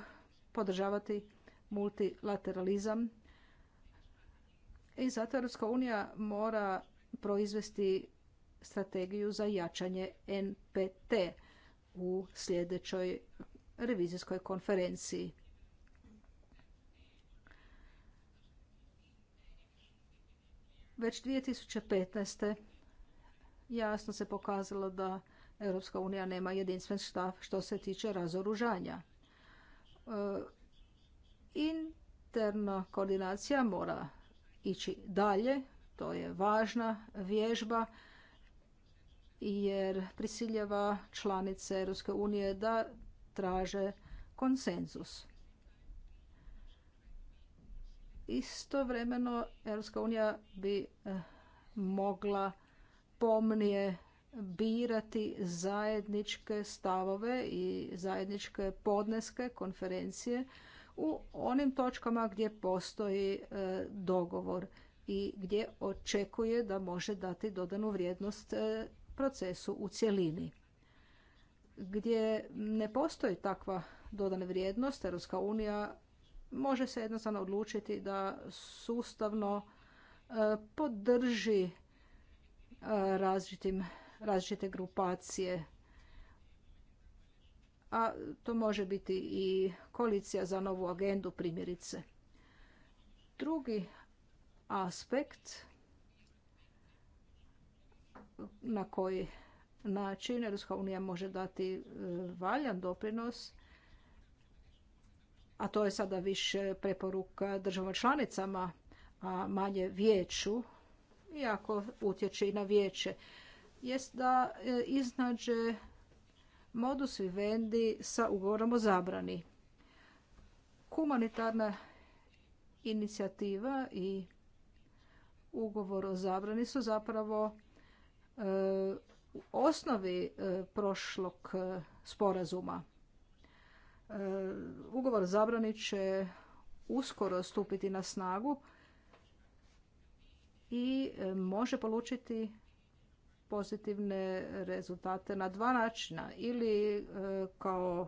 podržavati multilateralizam i zato Europska unija mora proizvesti strategiju za jačanje NPT u sljedećoj revizijskoj konferenciji. Već 2015. jasno se pokazalo da Europska unija nema jedinstven stav što se tiče razoružanja. E, interna koordinacija mora ići dalje, to je važna vježba jer prisiljava članice Europske unije da traže konsenzus. Istovremeno Europska unija bi e, mogla pomnije birati zajedničke stavove i zajedničke podneske konferencije u onim točkama gdje postoji e, dogovor i gdje očekuje da može dati dodanu vrijednost e, procesu u cjelini. Gdje ne postoji takva dodana vrijednost, Europska unija može se jednostavno odlučiti da sustavno e, podrži različitim različite grupacije. A to može biti i koalicija za novu agendu primjerice. Drugi aspekt na koji način Europska unija može dati e, valjan doprinos a to je sada više preporuka državama članicama, a manje vijeću, iako utječe i na vijeće jest da e, iznađe modus vivendi sa ugovorom o zabrani. Humanitarna inicijativa i ugovor o zabrani su zapravo e, u osnovi e, prošlog sporazuma. Ugovor o zabrani će uskoro stupiti na snagu i može polučiti pozitivne rezultate na dva načina. Ili e, kao e,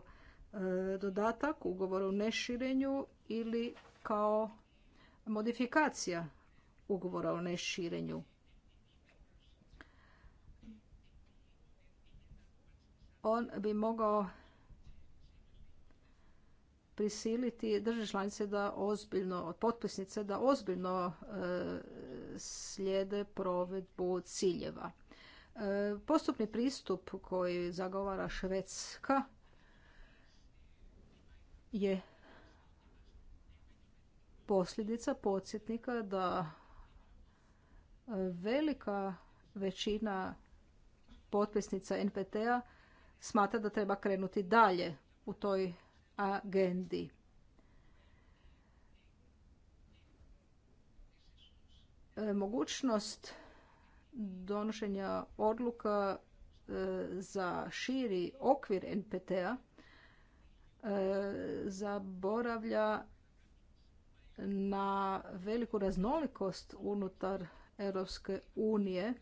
dodatak ugovoru o neširenju ili kao modifikacija ugovora o neširenju. On bi mogao prisiliti države članice da ozbiljno, potpisnice da ozbiljno e, slijede provedbu ciljeva. Postupni pristup koji zagovara Švedska je posljedica podsjetnika da velika većina potpisnica NPT-a smatra da treba krenuti dalje u toj agendi. E, mogućnost donošenja odluka e, za širi okvir NPT-a e, zaboravlja na veliku raznolikost unutar Europske unije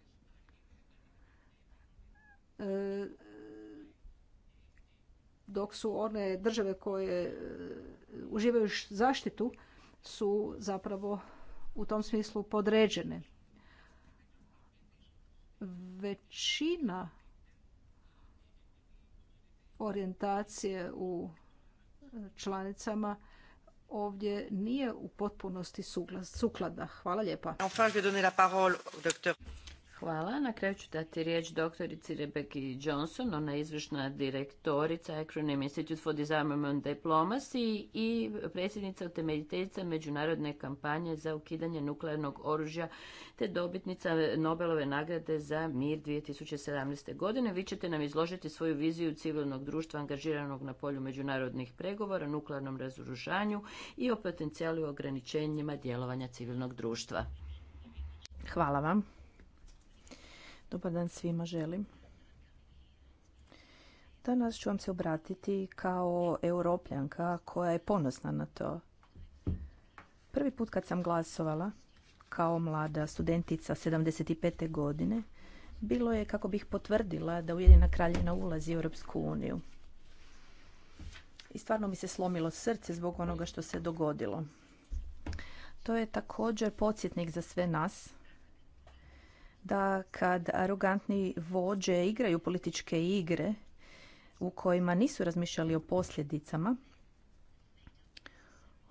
e, dok su one države koje uživaju zaštitu su zapravo u tom smislu podređene većina orijentacije u članicama ovdje nije u potpunosti sukladna. Hvala lijepa. Hvala. Na kraju ću dati riječ doktorici Rebeki Johnson, ona je izvršna direktorica Acronym Institute for Disarmament Diplomacy i predsjednica utemeljiteljica međunarodne kampanje za ukidanje nuklearnog oružja te dobitnica Nobelove nagrade za mir 2017. godine. Vi ćete nam izložiti svoju viziju civilnog društva angažiranog na polju međunarodnih pregovora, nuklearnom razoružanju i o potencijalu ograničenjima djelovanja civilnog društva. Hvala vam. Dobar dan svima želim. Danas ću vam se obratiti kao europljanka koja je ponosna na to. Prvi put kad sam glasovala kao mlada studentica 75. godine, bilo je kako bih potvrdila da Ujedina Kraljina ulazi u Europsku uniju. I stvarno mi se slomilo srce zbog onoga što se dogodilo. To je također podsjetnik za sve nas da kad arogantni vođe igraju političke igre u kojima nisu razmišljali o posljedicama,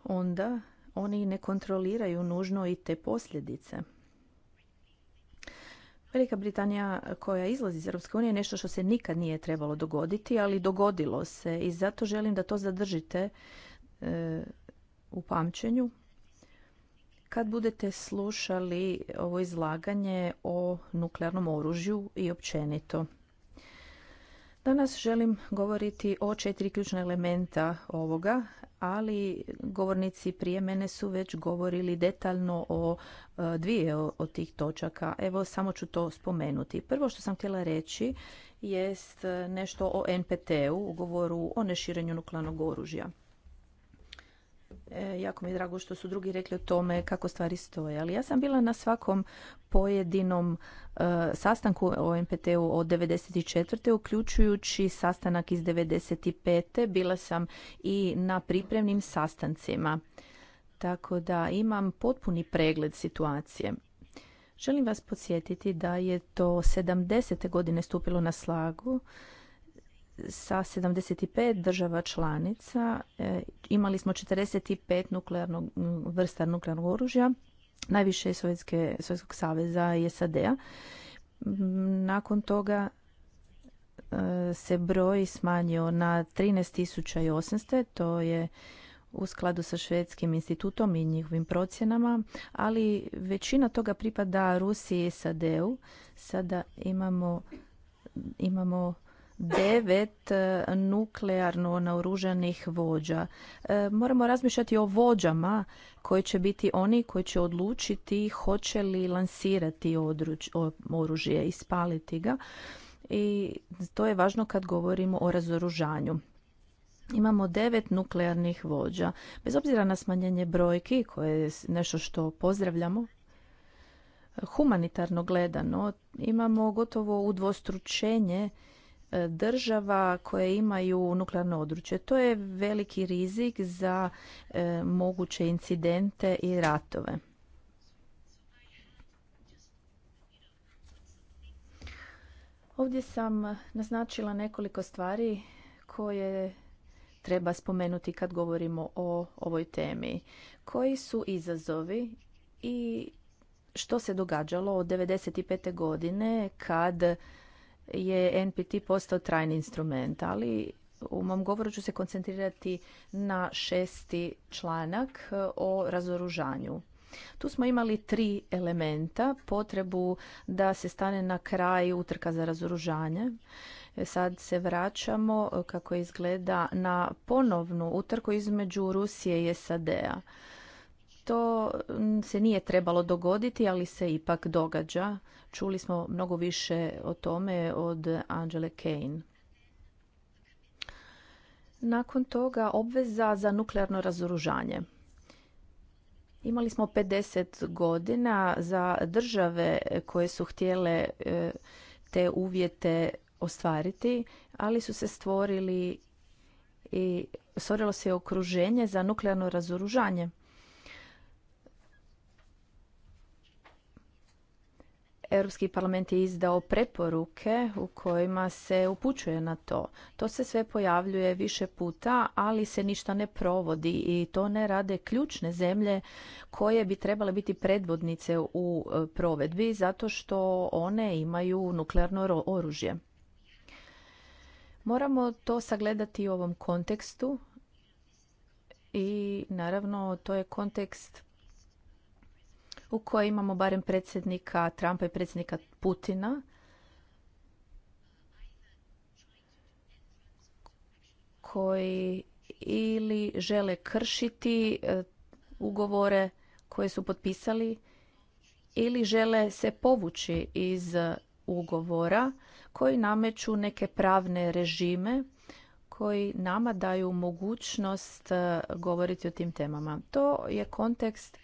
onda oni ne kontroliraju nužno i te posljedice. Velika Britanija koja izlazi iz Europske unije je nešto što se nikad nije trebalo dogoditi, ali dogodilo se i zato želim da to zadržite e, u pamćenju kad budete slušali ovo izlaganje o nuklearnom oružju i općenito. Danas želim govoriti o četiri ključna elementa ovoga, ali govornici prije mene su već govorili detaljno o e, dvije od tih točaka. Evo, samo ću to spomenuti. Prvo što sam htjela reći jest e, nešto o NPT-u, ugovoru o neširenju nuklearnog oružja. E, jako mi je drago što su drugi rekli o tome kako stvari stoje. Ali ja sam bila na svakom pojedinom e, sastanku o MPT-u od 94. uključujući sastanak iz 95. Bila sam i na pripremnim sastancima. Tako da imam potpuni pregled situacije. Želim vas podsjetiti da je to 70. godine stupilo na slagu sa 75 država članica e, imali smo 45 nuklearnog, vrsta nuklearnog oružja, najviše Sovjetske, Sovjetskog saveza i SAD-a. Nakon toga e, se broj smanjio na 13.800, to je u skladu sa Švedskim institutom i njihovim procjenama, ali većina toga pripada Rusiji i SAD-u. Sada imamo, imamo devet e, nuklearno naoružanih vođa. E, moramo razmišljati o vođama koji će biti oni koji će odlučiti hoće li lansirati oružje i spaliti ga. I to je važno kad govorimo o razoružanju. Imamo devet nuklearnih vođa. Bez obzira na smanjenje brojki, koje je nešto što pozdravljamo, humanitarno gledano imamo gotovo udvostručenje država koje imaju nuklearno odručje. To je veliki rizik za e, moguće incidente i ratove. Ovdje sam naznačila nekoliko stvari koje treba spomenuti kad govorimo o ovoj temi. Koji su izazovi i što se događalo od 1995. godine kad je NPT postao trajni instrument, ali u mom govoru ću se koncentrirati na šesti članak e, o razoružanju. Tu smo imali tri elementa, potrebu da se stane na kraj utrka za razoružanje. E, sad se vraćamo e, kako izgleda na ponovnu utrku između Rusije i SAD-a. To mm, se nije trebalo dogoditi, ali se ipak događa. Čuli smo mnogo više o tome od Angele Kane. Nakon toga obveza za nuklearno razoružanje. Imali smo 50 godina za države koje su htjele e, te uvjete ostvariti, ali su se stvorili i stvorilo se okruženje za nuklearno razoružanje. Europski parlament je izdao preporuke u kojima se upućuje na to. To se sve pojavljuje više puta, ali se ništa ne provodi i to ne rade ključne zemlje koje bi trebale biti predvodnice u e, provedbi zato što one imaju nuklearno oružje. Moramo to sagledati u ovom kontekstu i naravno to je kontekst u kojoj imamo barem predsjednika Trumpa i predsjednika Putina koji ili žele kršiti e, ugovore koje su potpisali ili žele se povući iz ugovora koji nameću neke pravne režime koji nama daju mogućnost e, govoriti o tim temama. To je kontekst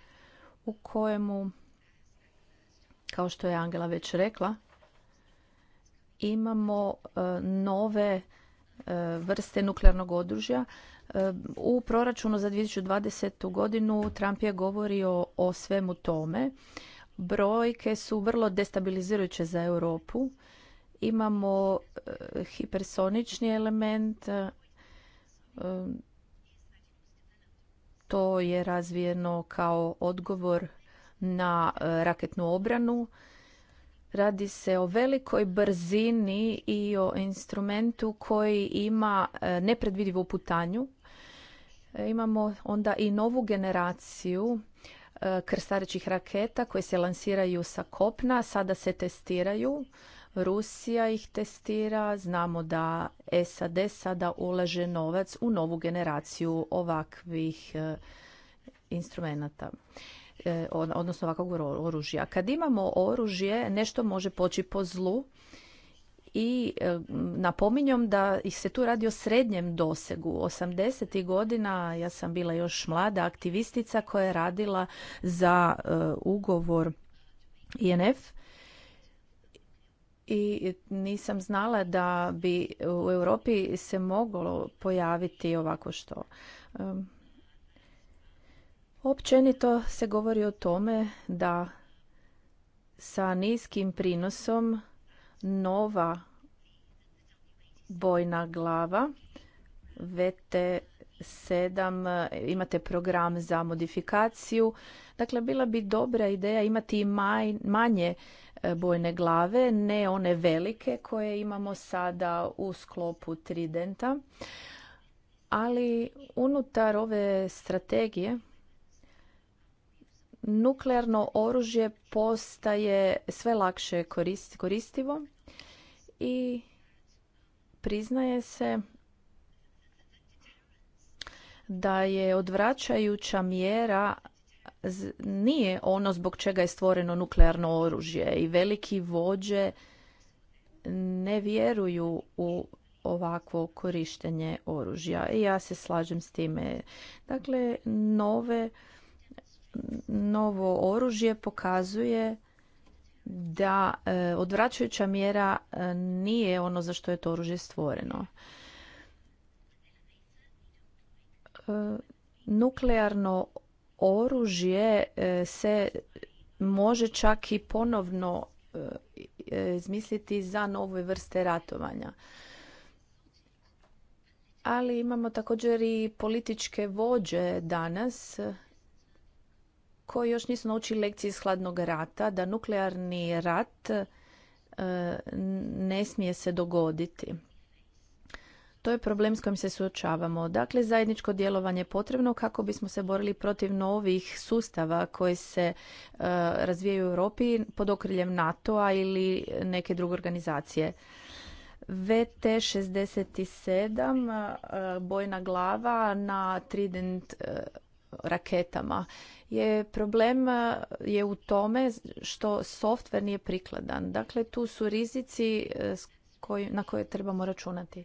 u kojemu, kao što je Angela već rekla, imamo e, nove e, vrste nuklearnog odružja. E, u proračunu za 2020. godinu Trump je govorio o svemu tome. Brojke su vrlo destabilizirajuće za Europu. Imamo hipersonični element, to je razvijeno kao odgovor na e, raketnu obranu. Radi se o velikoj brzini i o instrumentu koji ima e, nepredvidivu putanju. E, imamo onda i novu generaciju krstarećih raketa koje se lansiraju sa kopna, sada se testiraju Rusija ih testira, znamo da SAD sada ulaže novac u novu generaciju ovakvih e, instrumenata e, odnosno ovakvog oružja. Kad imamo oružje, nešto može poći po zlu i e, napominjem da ih se tu radi o srednjem dosegu. 80. godina ja sam bila još mlada aktivistica koja je radila za ugovor INF i nisam znala da bi u Europi se moglo pojaviti ovako što. Općenito se govori o tome da sa niskim prinosom nova bojna glava vete sedam, e, imate program za modifikaciju. Dakle, bila bi dobra ideja imati manje e, bojne glave, ne one velike koje imamo sada u sklopu Tridenta. Ali unutar ove strategije nuklearno oružje postaje sve lakše koristivo i priznaje se da je odvraćajuća mjera nije ono zbog čega je stvoreno nuklearno oružje i veliki vođe ne vjeruju u ovakvo korištenje oružja i ja se slažem s time. Dakle, nove, novo oružje pokazuje da e, odvraćajuća mjera e, nije ono za što je to oružje stvoreno. nuklearno oružje e, se može čak i ponovno e, izmisliti za nove vrste ratovanja. Ali imamo također i političke vođe danas e, koji još nisu naučili lekcije iz hladnog rata, da nuklearni rat ne smije se dogoditi. To je problem s kojim se suočavamo. Dakle, zajedničko djelovanje je potrebno kako bismo se borili protiv novih sustava koji se e, razvijaju u Europi pod okriljem NATO-a ili neke druge organizacije. VT-67, e, bojna glava na Trident e, raketama. Je problem je u tome što softver nije prikladan. Dakle, tu su rizici na koje trebamo računati.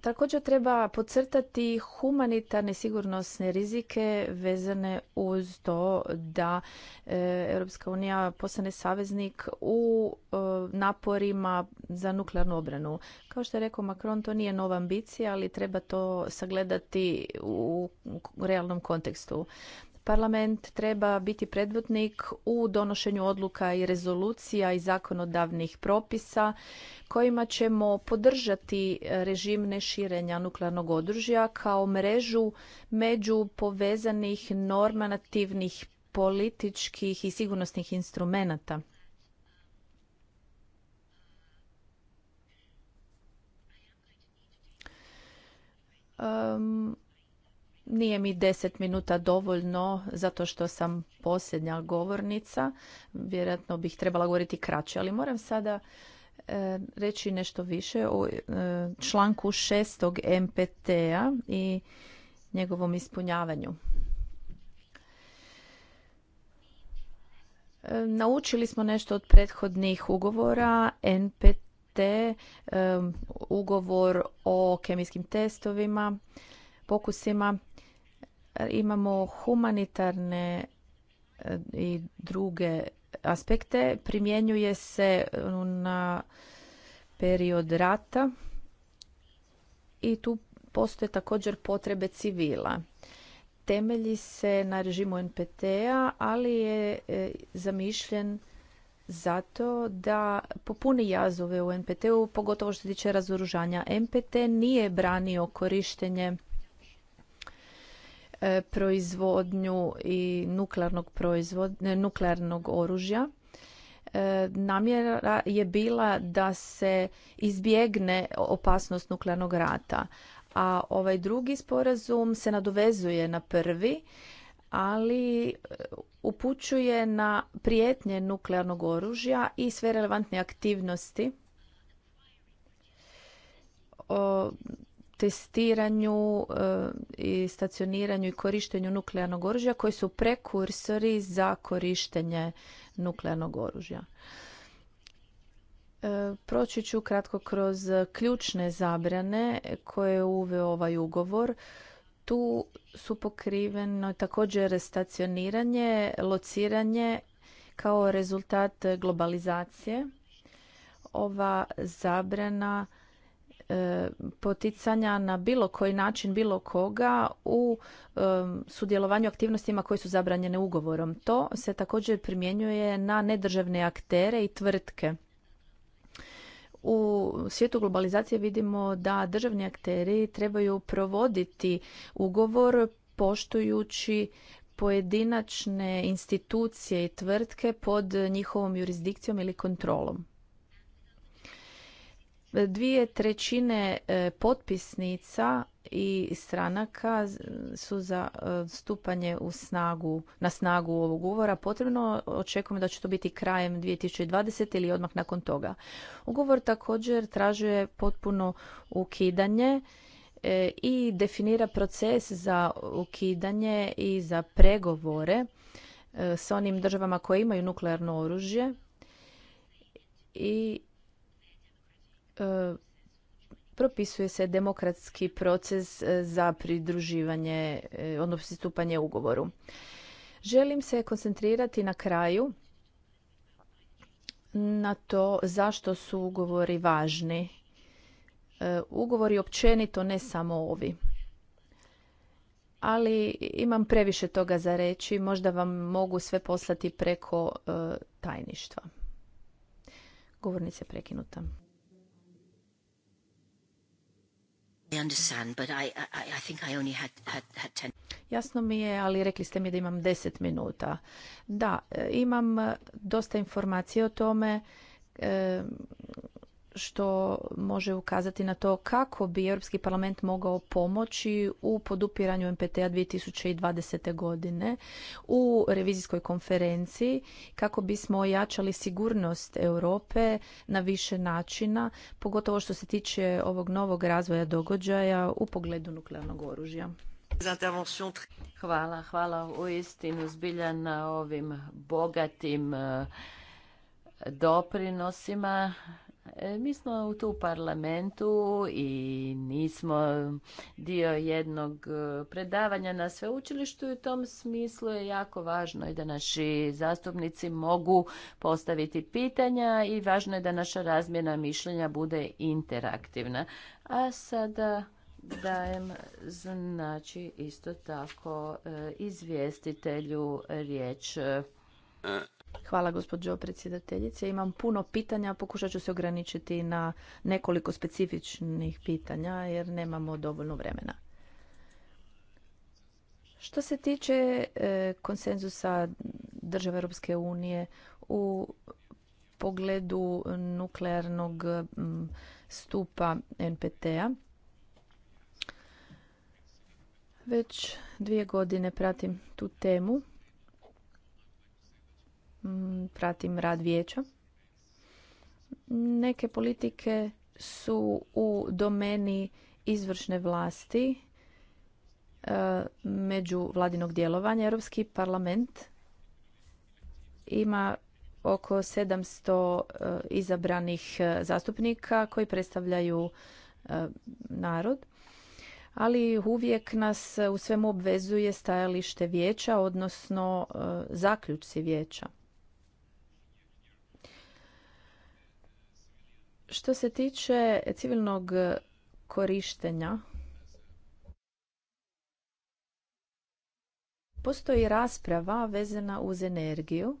Također treba podcrtati humanitarne sigurnosne rizike vezane uz to da e, Europska unija postane saveznik u e, naporima za nuklearnu obranu. Kao što je rekao Macron, to nije nova ambicija, ali treba to sagledati u realnom kontekstu. Parlament treba biti predvodnik u donošenju odluka i rezolucija i zakonodavnih propisa kojima ćemo podržati režim neširenja nuklearnog oružja kao mrežu među povezanih normativnih političkih i sigurnosnih instrumenata. Nije mi deset minuta dovoljno zato što sam posljednja govornica. Vjerojatno bih trebala govoriti kraće, ali moram sada e, reći nešto više o e, članku šestog MPT-a i njegovom ispunjavanju. E, naučili smo nešto od prethodnih ugovora. NPT, ugovor o kemijskim testovima, pokusima imamo humanitarne eh, i druge aspekte. Primjenjuje se ono, na period rata i tu postoje također potrebe civila. Temelji se na režimu NPT-a, ali je eh, zamišljen zato da popuni jazove u NPT-u, pogotovo što se tiče razoružanja. NPT nije branio korištenje E, proizvodnju i nuklearnog, proizvod, e, nuklearnog oružja. E, namjera je bila da se izbjegne opasnost nuklearnog rata, a ovaj drugi sporazum se nadovezuje na prvi, ali upućuje na prijetnje nuklearnog oružja i sve relevantne aktivnosti testiranju eh, i stacioniranju i korištenju nuklearnog oružja koji su prekursori za korištenje nuklearnog oružja. Eh, proći ću kratko kroz ključne zabrane koje je uveo ovaj ugovor. Tu su pokriveno također stacioniranje, lociranje kao rezultat globalizacije. Ova zabrana E, poticanja na bilo koji način bilo koga u e, sudjelovanju aktivnostima koje su zabranjene ugovorom. To se također primjenjuje na nedržavne aktere i tvrtke. U svijetu globalizacije vidimo da državni akteri trebaju provoditi ugovor poštujući pojedinačne institucije i tvrtke pod njihovom jurisdikcijom ili kontrolom. Dvije trećine e, potpisnica i stranaka su za e, stupanje u snagu, na snagu ovog ugovora potrebno. Očekujemo da će to biti krajem 2020. ili odmah nakon toga. Ugovor također tražuje potpuno ukidanje e, i definira proces za ukidanje i za pregovore s onim državama koje imaju nuklearno oružje i E, propisuje se demokratski proces e, za pridruživanje, e, odnosno pristupanje ugovoru. Želim se koncentrirati na kraju na to zašto su ugovori važni. Ugovori općenito, ne samo ovi. Ali imam previše toga za reći, možda vam mogu sve poslati preko tajništva. Govornica je prekinuta. Jasno mi je, ali rekli ste mi da imam deset minuta. Da, e, imam e, dosta informacija o tome e, što može ukazati na to kako bi Europski parlament mogao pomoći u podupiranju MPT-a 2020. godine u revizijskoj konferenciji kako bismo ojačali sigurnost Europe na više načina, pogotovo što se tiče ovog novog razvoja događaja u pogledu nuklearnog oružja. Hvala, hvala u istinu zbilja na ovim bogatim eh, doprinosima E, mi smo tu parlamentu i nismo dio jednog e, predavanja na sveučilištu i u tom smislu je jako važno i da naši zastupnici mogu postaviti pitanja i važno je da naša razmjena mišljenja bude interaktivna. A sada dajem znači isto tako e, izvjestitelju riječ. Hvala gospođo predsjedateljice. Imam puno pitanja, pokušat ću se ograničiti na nekoliko specifičnih pitanja jer nemamo dovoljno vremena. Što se tiče e, konsenzusa države Europske unije u pogledu nuklearnog stupa NPT-a, već dvije godine pratim tu temu Mm, pratim rad vijeća. Neke politike su u domeni izvršne vlasti e, među vladinog djelovanja. Europski parlament ima oko 700 e, izabranih e, zastupnika koji predstavljaju narod, ali uvijek nas u svemu obvezuje stajalište vijeća, odnosno zaključci vijeća. Što se tiče civilnog korištenja, postoji rasprava vezana uz energiju.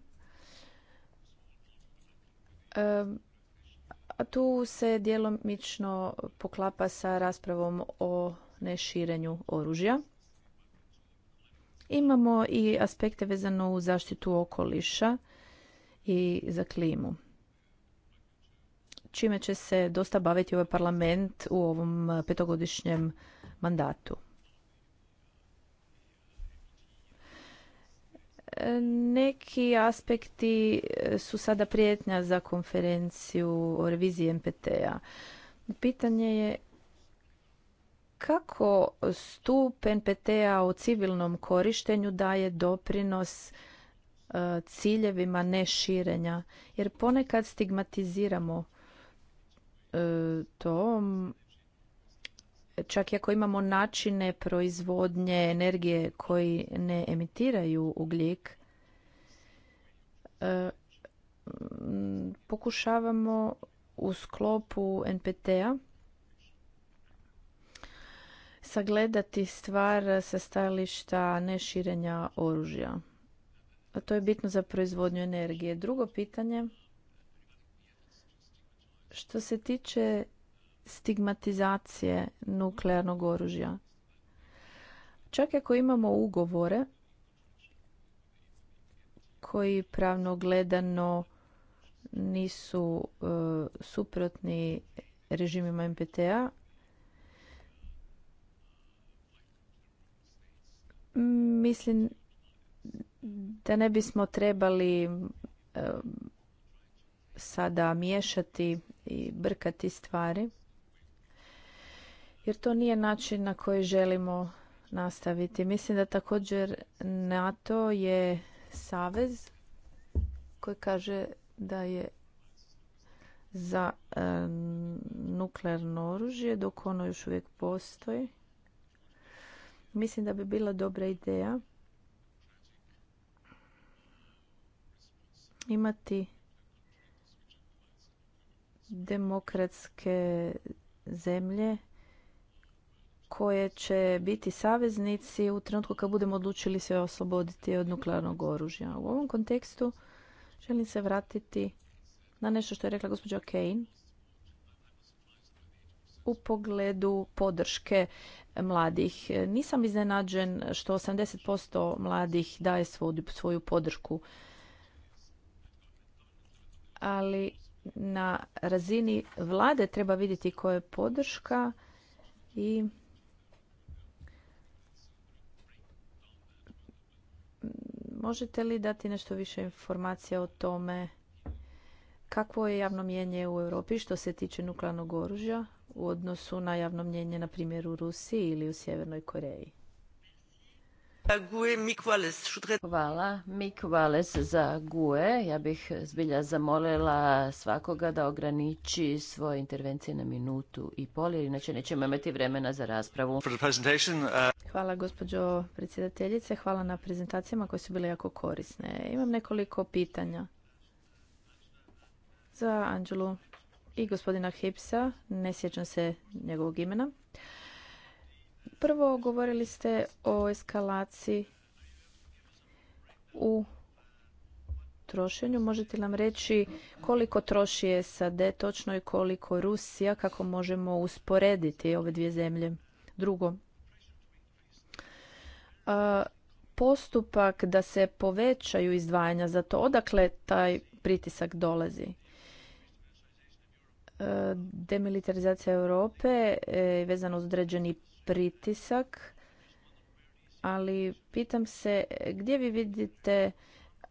A tu se djelomično poklapa sa raspravom o neširenju oružja. Imamo i aspekte vezano u zaštitu okoliša i za klimu čime će se dosta baviti ovaj parlament u ovom eh, petogodišnjem mandatu. Neki aspekti eh, su sada prijetnja za konferenciju o reviziji NPT-a. Pitanje je kako stup NPT-a o civilnom korištenju daje doprinos eh, ciljevima neširenja jer ponekad stigmatiziramo E, to čak i ako imamo načine proizvodnje energije koji ne emitiraju ugljik e, pokušavamo u sklopu NPT-a sagledati stvar sa stajališta neširenja oružja. A to je bitno za proizvodnju energije. Drugo pitanje što se tiče stigmatizacije nuklearnog oružja, čak ako imamo ugovore koji pravno gledano nisu e, suprotni režimima MPTA, mislim da ne bismo trebali e, sada miješati i brkati stvari jer to nije način na koji želimo nastaviti. Mislim da također NATO je savez koji kaže da je za e, nuklearno oružje dok ono još uvijek postoji. Mislim da bi bila dobra ideja imati demokratske zemlje koje će biti saveznici u trenutku kad budemo odlučili se osloboditi od nuklearnog oružja. U ovom kontekstu želim se vratiti na nešto što je rekla gospođa Kane u pogledu podrške mladih. Nisam iznenađen što 80% mladih daje svoju, svoju podršku. Ali na razini vlade treba vidjeti koja je podrška i možete li dati nešto više informacija o tome kakvo je javno mjenje u Europi što se tiče nuklearnog oružja u odnosu na javno mnjenje, na primjer u Rusiji ili u Sjevernoj Koreji? Hvala. Mik Wallace za GUE. Ja bih zbilja zamolila svakoga da ograniči svoje intervencije na minutu i pol, jer inače nećemo imati vremena za raspravu. Uh, hvala gospođo predsjedateljice, hvala na prezentacijama koje su bile jako korisne. Imam nekoliko pitanja za Anđelu i gospodina Hipsa. Ne sjećam se njegovog imena. Prvo, govorili ste o eskalaciji u trošenju. Možete nam reći koliko troši SAD točno i koliko Rusija, kako možemo usporediti ove dvije zemlje? Drugo, postupak da se povećaju izdvajanja za to, odakle taj pritisak dolazi? Demilitarizacija Europe e, vezano uz određeni pritisak, ali pitam se gdje vi vidite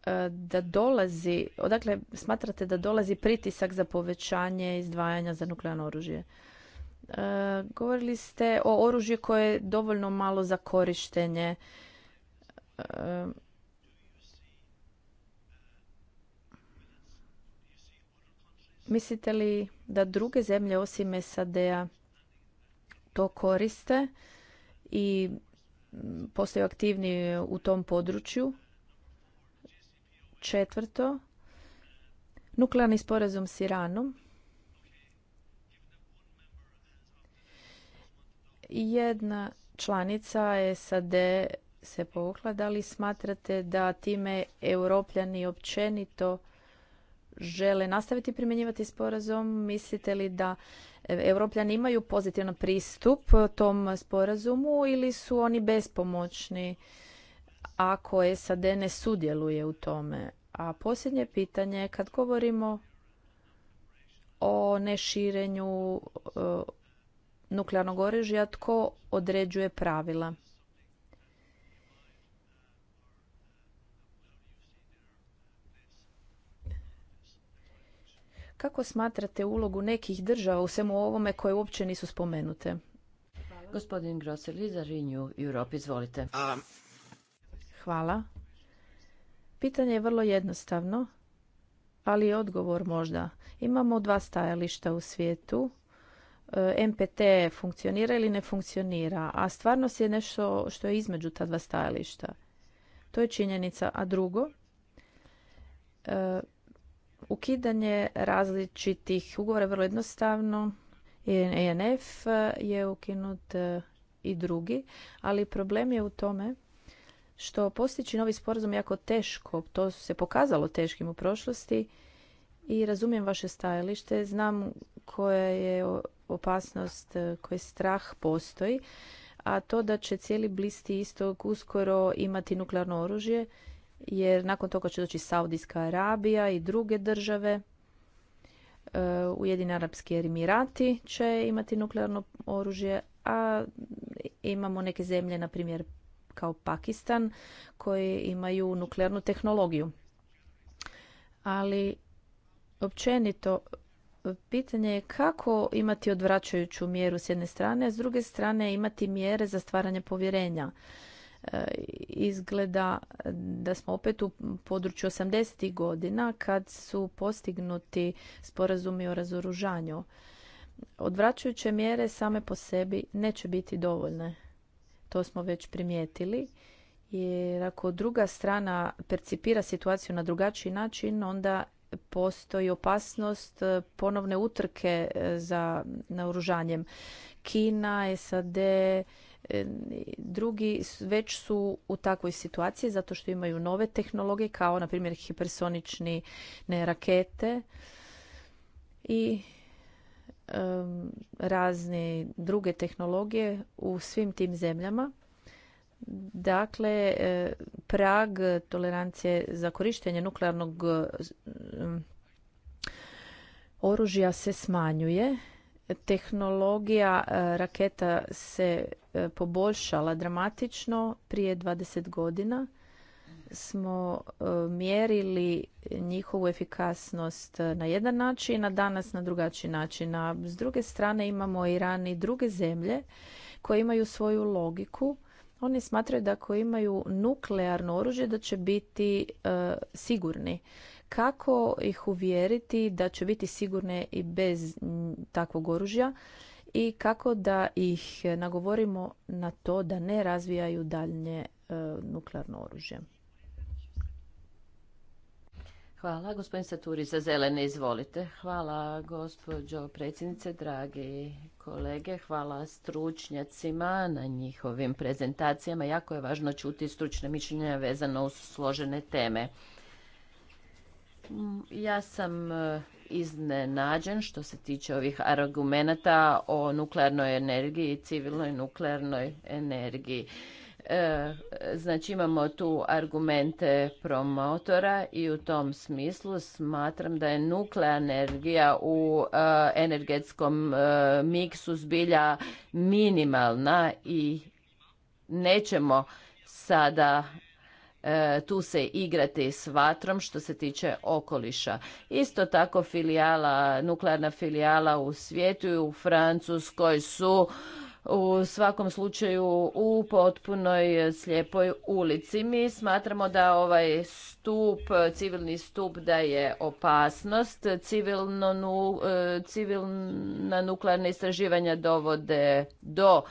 e, da dolazi, odakle smatrate da dolazi pritisak za povećanje izdvajanja za nuklearno oružje? E, govorili ste o oružju koje je dovoljno malo za korištenje. E, mislite li da druge zemlje osim SAD-a to koriste i postaju aktivni u tom području. Četvrto, nuklearni sporazum s Iranom. Jedna članica SAD se povukla. Da li smatrate da time europljani općenito žele nastaviti primjenjivati sporazum? Mislite li da Evropljani imaju pozitivan pristup tom sporazumu ili su oni bespomoćni ako SAD ne sudjeluje u tome? A posljednje pitanje, kad govorimo o neširenju e, nuklearnog oružja, tko određuje pravila? Kako smatrate ulogu nekih država u svemu ovome koje uopće nisu spomenute? Gospodin Groseli za Renew Europe, izvolite. Hvala. Pitanje je vrlo jednostavno, ali je odgovor možda. Imamo dva stajališta u svijetu. E, MPT funkcionira ili ne funkcionira, a stvarnost je nešto što je između ta dva stajališta. To je činjenica. A drugo, e, Ukidanje različitih ugovora je vrlo jednostavno. ENF je ukinut e, i drugi, ali problem je u tome što postići novi sporazum jako teško. To se pokazalo teškim u prošlosti i razumijem vaše stajalište. Znam koja je opasnost, e, koji strah postoji, a to da će cijeli blisti istog uskoro imati nuklearno oružje jer nakon toga će doći Saudijska Arabija i druge države. E, Ujedini Arabski Emirati će imati nuklearno oružje, a imamo neke zemlje, na primjer kao Pakistan, koje imaju nuklearnu tehnologiju. Ali općenito pitanje je kako imati odvraćajuću mjeru s jedne strane, a s druge strane imati mjere za stvaranje povjerenja. E, izgleda da smo opet u području 80. godina kad su postignuti sporazumi o razoružanju. Odvraćajuće mjere same po sebi neće biti dovoljne. To smo već primijetili. Jer ako druga strana percipira situaciju na drugačiji način, onda postoji opasnost e, ponovne utrke e, za naoružanjem. Kina, SAD, E, drugi već su u takvoj situaciji zato što imaju nove tehnologije kao na primjer hipersonične rakete i razne druge tehnologije u svim tim zemljama. Dakle, e, prag tolerancije za korištenje nuklearnog oružja se smanjuje. Tehnologija e, raketa se E, poboljšala dramatično. Prije 20 godina smo e, mjerili njihovu efikasnost na jedan način, a danas na drugačiji način. A s druge strane imamo Iran i druge zemlje koje imaju svoju logiku. Oni smatraju da ako imaju nuklearno oružje da će biti e, sigurni. Kako ih uvjeriti da će biti sigurne i bez takvog oružja? i kako da ih nagovorimo na to da ne razvijaju daljnje e, nuklearno oružje. Hvala. Gospodin Saturi za zelene, izvolite. Hvala gospođo predsjednice, dragi kolege. Hvala stručnjacima na njihovim prezentacijama. Jako je važno čuti stručne mišljenja vezano uz složene teme. Ja sam iznenađen što se tiče ovih argumenata o nuklearnoj energiji i civilnoj nuklearnoj energiji. E, znači imamo tu argumente promotora i u tom smislu smatram da je nuklearna energija u e, energetskom e, miksu zbilja minimalna i nećemo sada E, tu se igrati s vatrom što se tiče okoliša. Isto tako filijala, nuklearna filijala u svijetu i u Francuskoj su u svakom slučaju u potpunoj slijepoj ulici. Mi smatramo da ovaj stup, civilni stup da je opasnost. Civilno, e, civilna nuklearna istraživanja dovode do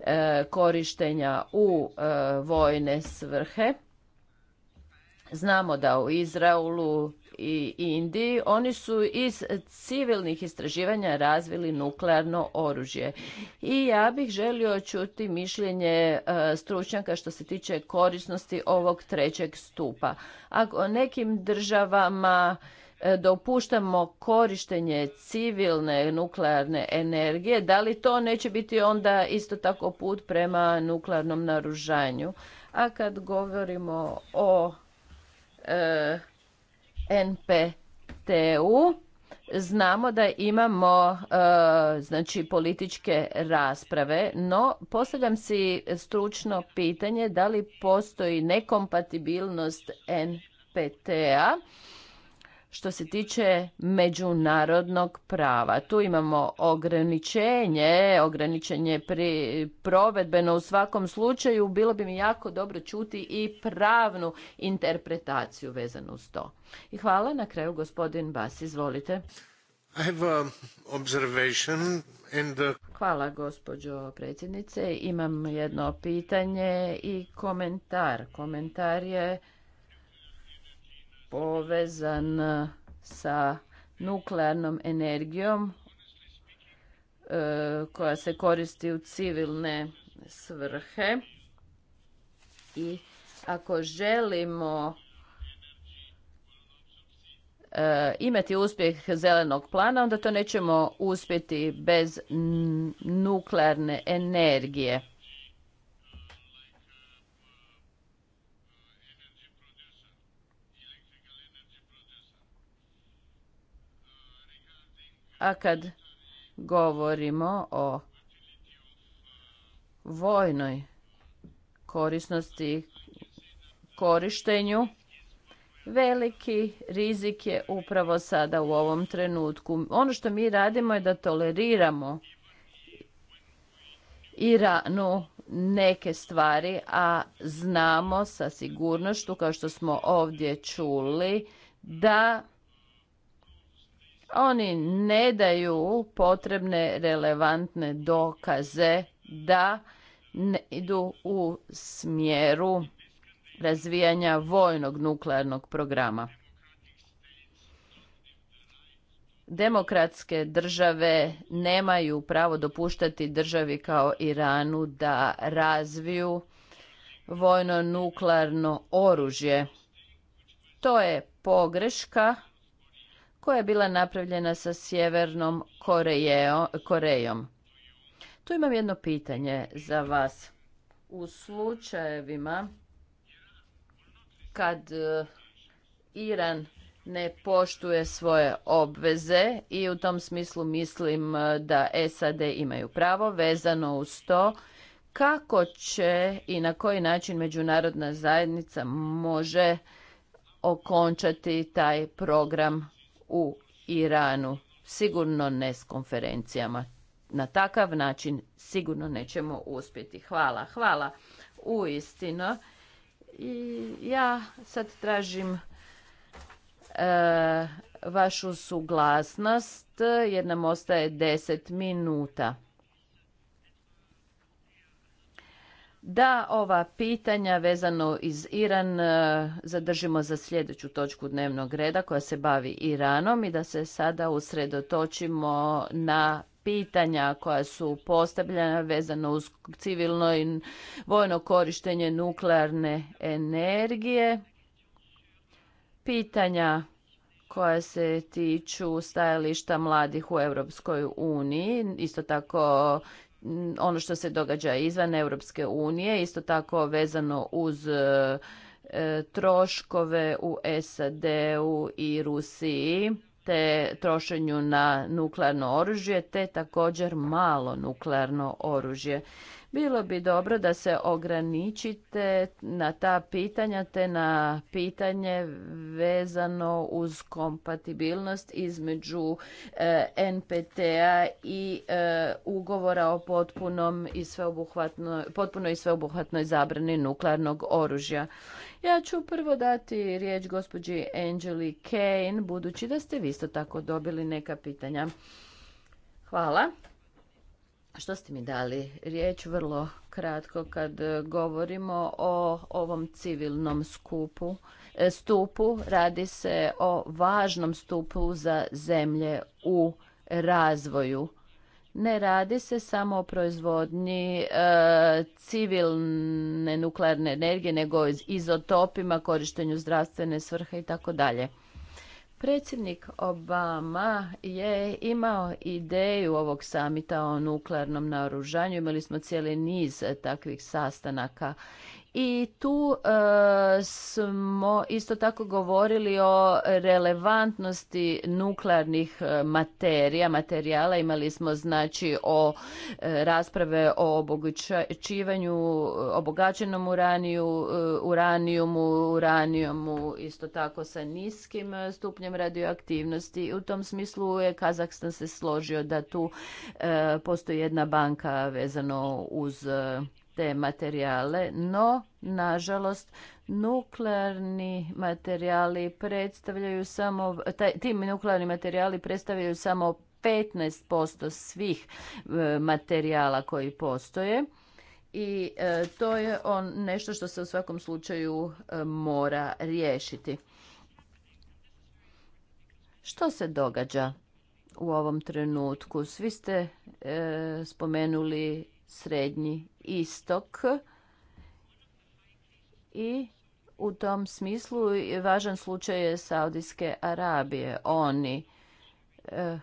e, korištenja u vojne svrhe. Znamo da u Izraelu i Indiji oni su iz civilnih istraživanja razvili nuklearno oružje. I ja bih želio čuti mišljenje e, stručnjaka što se tiče korisnosti ovog trećeg stupa. Ako nekim državama e, dopuštamo korištenje civilne nuklearne energije, da li to neće biti onda isto tako put prema nuklearnom naružanju? A kad govorimo o Eh, npt znamo da imamo eh, znači političke rasprave, no postavljam si stručno pitanje da li postoji nekompatibilnost NPT-a što se tiče međunarodnog prava. Tu imamo ograničenje, ograničenje pri provedbeno u svakom slučaju. Bilo bi mi jako dobro čuti i pravnu interpretaciju vezanu uz to. I hvala na kraju gospodin Bas, izvolite. I have um, observation Hvala gospođo predsjednice. Imam jedno pitanje i komentar. Komentar je povezan e, sa nuklearnom energijom e, koja se koristi u civilne svrhe i ako želimo e, imati uspjeh zelenog plana, onda to nećemo uspjeti bez nuklearne energije. A kad govorimo o vojnoj korisnosti korištenju, veliki rizik je upravo sada u ovom trenutku. Ono što mi radimo je da toleriramo Iranu neke stvari, a znamo sa sigurnošću, kao što smo ovdje čuli, da oni ne daju potrebne relevantne dokaze da ne idu u smjeru razvijanja vojnog nuklearnog programa. Demokratske države nemaju pravo dopuštati državi kao Iranu da razviju vojno nuklearno oružje. To je pogreška koja je bila napravljena sa Sjevernom Korejom. Tu imam jedno pitanje za vas. U slučajevima kad e, Iran ne poštuje svoje obveze i u tom smislu mislim e, da SAD imaju pravo vezano uz to kako će i na koji način međunarodna zajednica može okončati taj program u Iranu, sigurno ne s konferencijama. Na takav način sigurno nećemo uspjeti. Hvala, hvala. Uistinu. I ja sad tražim e, vašu suglasnost jer nam ostaje 10 minuta. da ova pitanja vezano iz Iran e, zadržimo za sljedeću točku dnevnog reda koja se bavi Iranom i da se sada usredotočimo na pitanja koja su postavljena vezano uz civilno i vojno korištenje nuklearne energije, pitanja koja se tiču stajališta mladih u Europskoj uniji, isto tako Mm, ono što se događa izvan Europske unije, isto tako vezano uz e, e, troškove u SAD-u i Rusiji, te trošenju na nuklearno oružje, te također malo nuklearno oružje. Bilo bi dobro da se ograničite na ta pitanja te na pitanje vezano uz kompatibilnost između e, NPT-a i e, ugovora o potpunom i potpuno i sveobuhvatnoj zabrani nuklearnog oružja. Ja ću prvo dati riječ gospođi Angeli Kane, budući da ste vi isto tako dobili neka pitanja. Hvala što ste mi dali riječ vrlo kratko kad e, govorimo o ovom civilnom skupu e, stupu radi se o važnom stupu za zemlje u razvoju ne radi se samo o proizvodnji e, civilne nuklearne energije nego izotopima korištenju zdravstvene svrhe i tako dalje Predsjednik Obama je imao ideju ovog samita o nuklearnom naoružanju. Imali smo cijeli niz takvih sastanaka i tu e, smo isto tako govorili o relevantnosti nuklearnih e, materija, materijala. Imali smo znači o e, rasprave o obogućivanju obogaćenom uraniju, e, uranijumu, uranijumu isto tako sa niskim stupnjem radioaktivnosti. U tom smislu je Kazakstan se složio da tu postoji jedna banka vezano uz te materijale, no, nažalost, nuklearni materijali predstavljaju samo, taj, ti nuklearni materijali predstavljaju samo 15% svih e, materijala koji postoje i e, to je on nešto što se u svakom slučaju e, mora riješiti. Što se događa u ovom trenutku? Svi ste spomenuli srednji istok i u tom smislu važan slučaj je Saudijske Arabije. Oni e,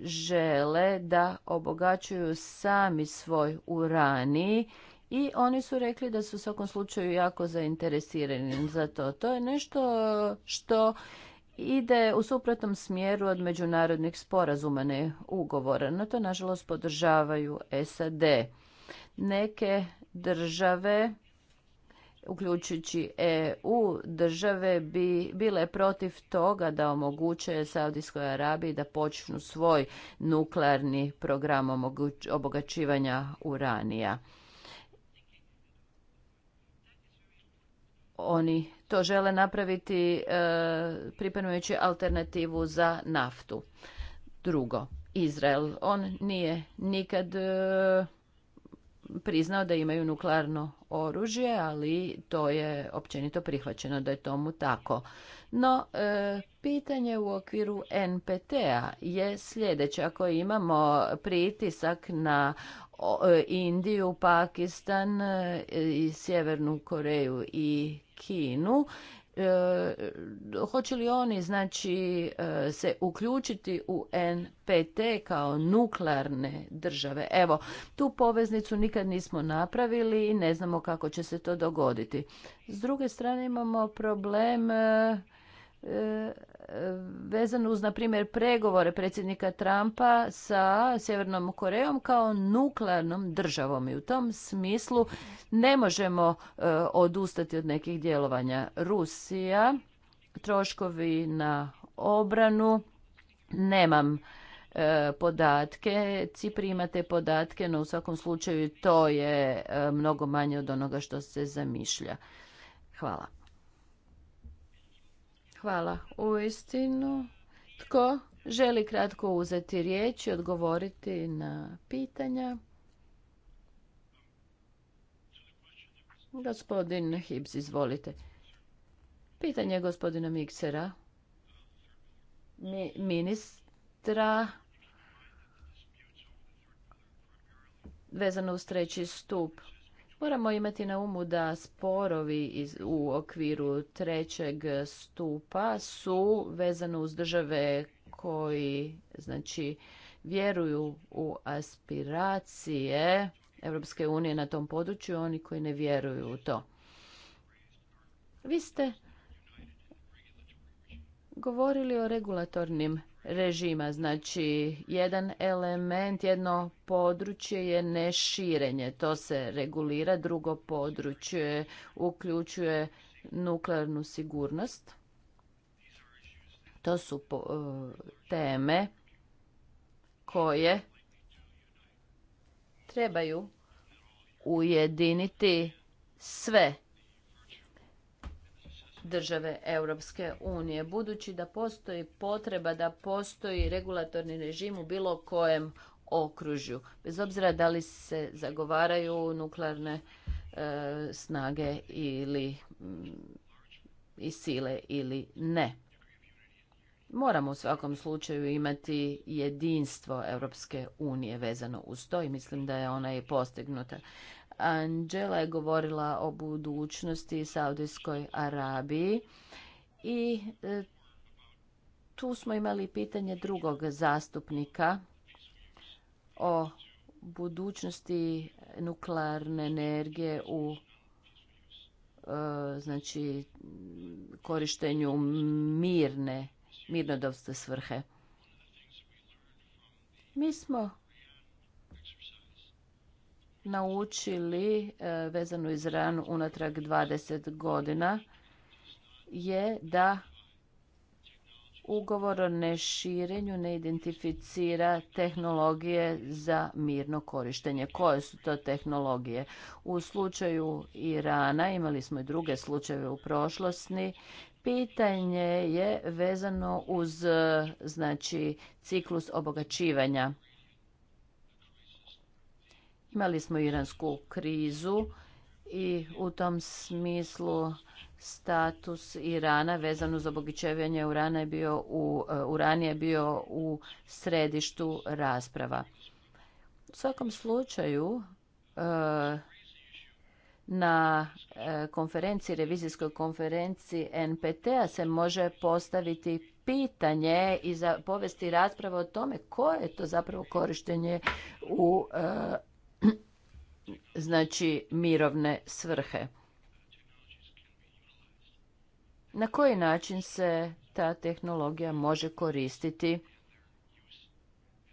žele da obogaćuju sami svoj urani i oni su rekli da su u svakom slučaju jako zainteresirani za to. To je nešto što ide u suprotnom smjeru od međunarodnih sporazuma, ne ugovora. no to, nažalost, podržavaju SAD. Neke države uključujući EU države bi bile protiv toga da omoguće Saudijskoj Arabiji da počnu svoj nuklearni program obogaćivanja uranija. Oni to žele napraviti e, pripremajući alternativu za naftu. Drugo, Izrael. On nije nikad e, priznao da imaju nuklearno oružje, ali to je općenito prihvaćeno da je tomu tako. No, e, pitanje u okviru NPT-a je sljedeće. Ako imamo pritisak na e, Indiju, Pakistan e, i Sjevernu Koreju i Kinu E, hoće li oni znači e, se uključiti u NPT kao nuklearne države. Evo, tu poveznicu nikad nismo napravili i ne znamo kako će se to dogoditi. S druge strane imamo problem e, vezano uz, na primjer, pregovore predsjednika Trumpa sa Sjevernom Korejom kao nuklearnom državom. I u tom smislu ne možemo e, odustati od nekih djelovanja. Rusija, troškovi na obranu, nemam e, podatke. Cipri te podatke, no u svakom slučaju to je e, mnogo manje od onoga što se zamišlja. Hvala. Hvala. istinu, tko želi kratko uzeti riječ i odgovoriti na pitanja? Gospodin Hibs, izvolite. Pitanje gospodina Miksera. ministra vezano uz treći stup. Moramo imati na umu da sporovi iz, u okviru trećeg stupa su vezano uz države koji znači vjeruju u aspiracije Europske unije na tom području, oni koji ne vjeruju u to. Vi ste govorili o regulatornim režima. Znači, jedan element, jedno područje je neširenje. To se regulira. Drugo područje uključuje nuklearnu sigurnost. To su e, teme koje trebaju ujediniti sve države Europske unije. Budući da postoji potreba da postoji regulatorni režim u bilo kojem okružju, bez obzira da li se zagovaraju nuklearne e, snage ili mm, i sile ili ne. Moramo u svakom slučaju imati jedinstvo Europske unije vezano uz to i mislim da je ona i postignuta. Anđela je govorila o budućnosti Saudijskoj Arabiji i e, tu smo imali pitanje drugog zastupnika o budućnosti nuklearne energije u e, znači korištenju mirne mirnodopske svrhe. Mi smo naučili e, vezano iz ranu unatrag 20 godina je da ugovor o neširenju ne identificira tehnologije za mirno korištenje. Koje su to tehnologije? U slučaju Irana, imali smo i druge slučajeve u prošlosti, pitanje je vezano uz e, znači, ciklus obogaćivanja Imali smo iransku krizu i u tom smislu status Irana vezano za obogićevanje urana je bio u, e, uran je bio u središtu rasprava. U svakom slučaju e, na e, konferenciji, revizijskoj konferenciji NPT-a se može postaviti pitanje i za povesti raspravo o tome koje je to zapravo korištenje u znači mirovne svrhe. Na koji način se ta tehnologija može koristiti?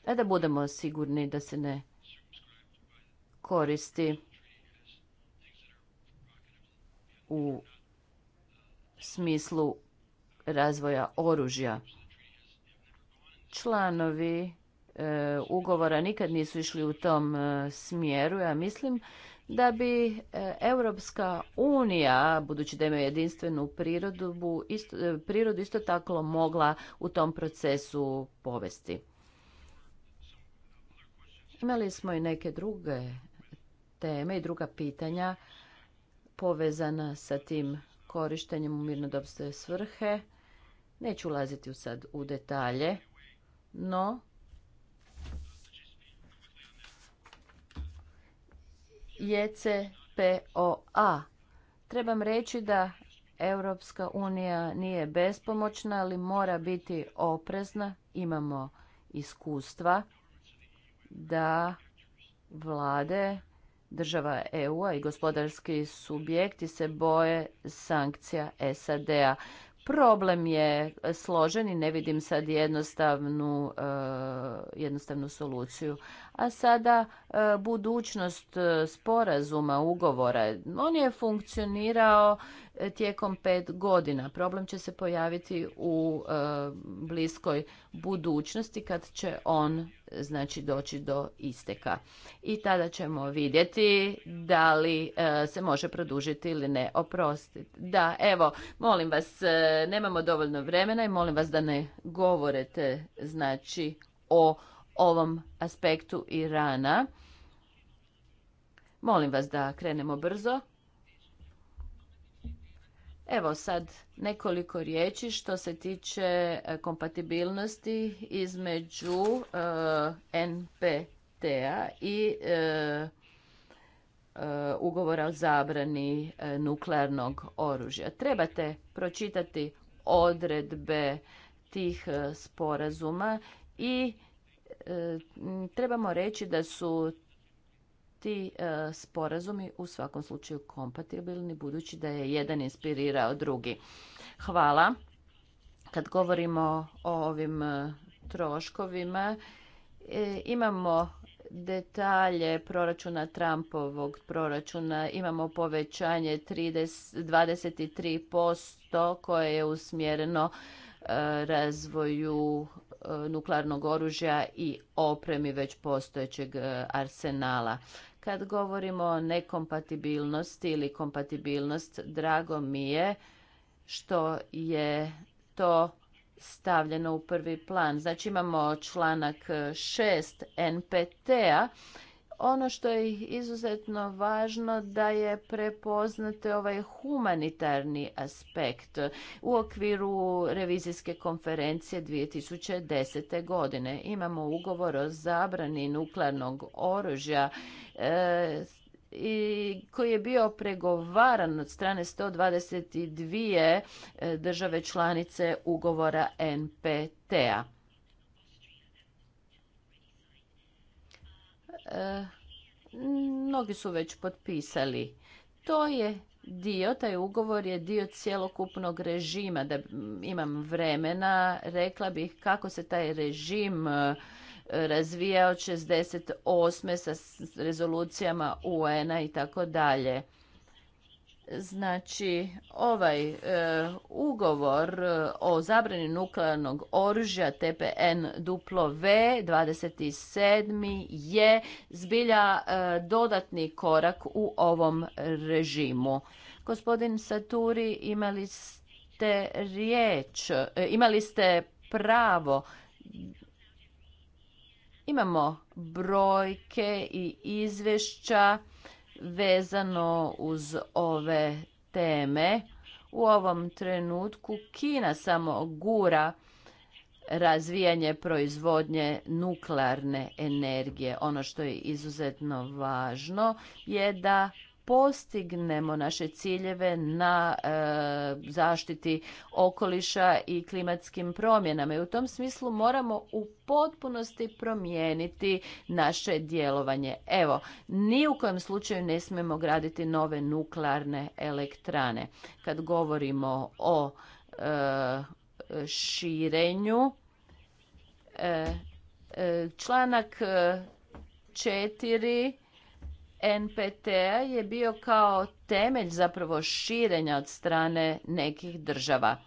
E da budemo sigurni da se ne koristi u smislu razvoja oružja. Članovi E, ugovora nikad nisu išli u tom e, smjeru. Ja mislim da bi e, Europska unija, budući da ima jedinstvenu prirodu isto, prirodu, isto tako mogla u tom procesu povesti. Imali smo i neke druge teme i druga pitanja povezana sa tim korištenjem u mirnodopske svrhe. Neću ulaziti sad u detalje, no JCPOA. Trebam reći da Europska unija nije bespomoćna, ali mora biti oprezna. Imamo iskustva da vlade država EU-a i gospodarski subjekti se boje sankcija SAD-a. Problem je složen i ne vidim sad jednostavnu, e, jednostavnu soluciju. A sada e, budućnost e, sporazuma, ugovora. On je funkcionirao tijekom pet godina. Problem će se pojaviti u e, bliskoj budućnosti kad će on znači doći do isteka. I tada ćemo vidjeti da li e, se može produžiti ili ne oprostiti. Da, evo, molim vas, e, nemamo dovoljno vremena i molim vas da ne govorite znači o ovom aspektu Irana. Molim vas da krenemo brzo. Evo sad nekoliko riječi što se tiče e, kompatibilnosti između e, NPT-a i e, ugovora o zabrani nuklearnog oružja. Trebate pročitati odredbe tih sporazuma i trebamo reći da su ti e, sporazumi u svakom slučaju kompatibilni budući da je jedan inspirirao drugi. Hvala. Kad govorimo o ovim e, troškovima, e, imamo detalje proračuna Trumpovog proračuna. Imamo povećanje 30, 23% koje je usmjereno razvoju nuklearnog oružja i opremi već postojećeg arsenala. Kad govorimo o nekompatibilnosti ili kompatibilnost, drago mi je što je to stavljeno u prvi plan. Znači imamo članak 6 NPT-a ono što je izuzetno važno da je prepoznate ovaj humanitarni aspekt u okviru revizijske konferencije 2010. godine. Imamo ugovor o zabrani nuklearnog oružja e, i koji je bio pregovaran od strane 122 e, države članice ugovora NPT-a. E, mnogi su već potpisali. To je dio, taj ugovor je dio cjelokupnog režima. Da imam vremena, rekla bih kako se taj režim e, razvijao 68. sa rezolucijama UN-a i tako dalje. Znači, ovaj e, ugovor e, o zabrani nuklearnog oružja TPN duplo V 27. je zbilja e, dodatni korak u ovom režimu. Gospodin Saturi, imali ste riječ, imali ste pravo Imamo brojke i izvješća vezano uz ove teme. U ovom trenutku Kina samo gura razvijanje proizvodnje nuklearne energije. Ono što je izuzetno važno je da postignemo naše ciljeve na e, zaštiti okoliša i klimatskim promjenama i u tom smislu moramo u potpunosti promijeniti naše djelovanje. Evo, ni u kojem slučaju ne smijemo graditi nove nuklearne elektrane. Kad govorimo o e, širenju e, članak četiri... NPT-a je bio kao temelj zapravo širenja od strane nekih država.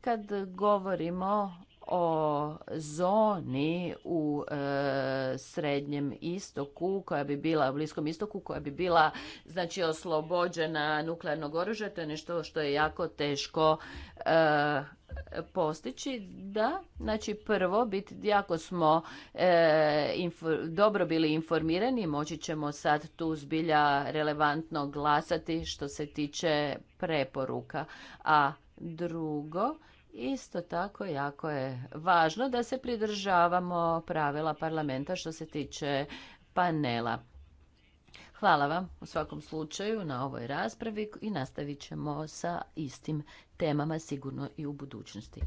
Kad govorimo o zoni u e, srednjem istoku koja bi bila u bliskom istoku koja bi bila znači oslobođena nuklearnog oružja to je nešto što je jako teško e, postići da znači prvo bit jako smo e, dobro bili informirani moći ćemo sad tu zbilja relevantno glasati što se tiče preporuka a drugo Isto tako jako je važno da se pridržavamo pravila parlamenta što se tiče panela. Hvala vam u svakom slučaju na ovoj raspravi i nastavit ćemo sa istim temama sigurno i u budućnosti.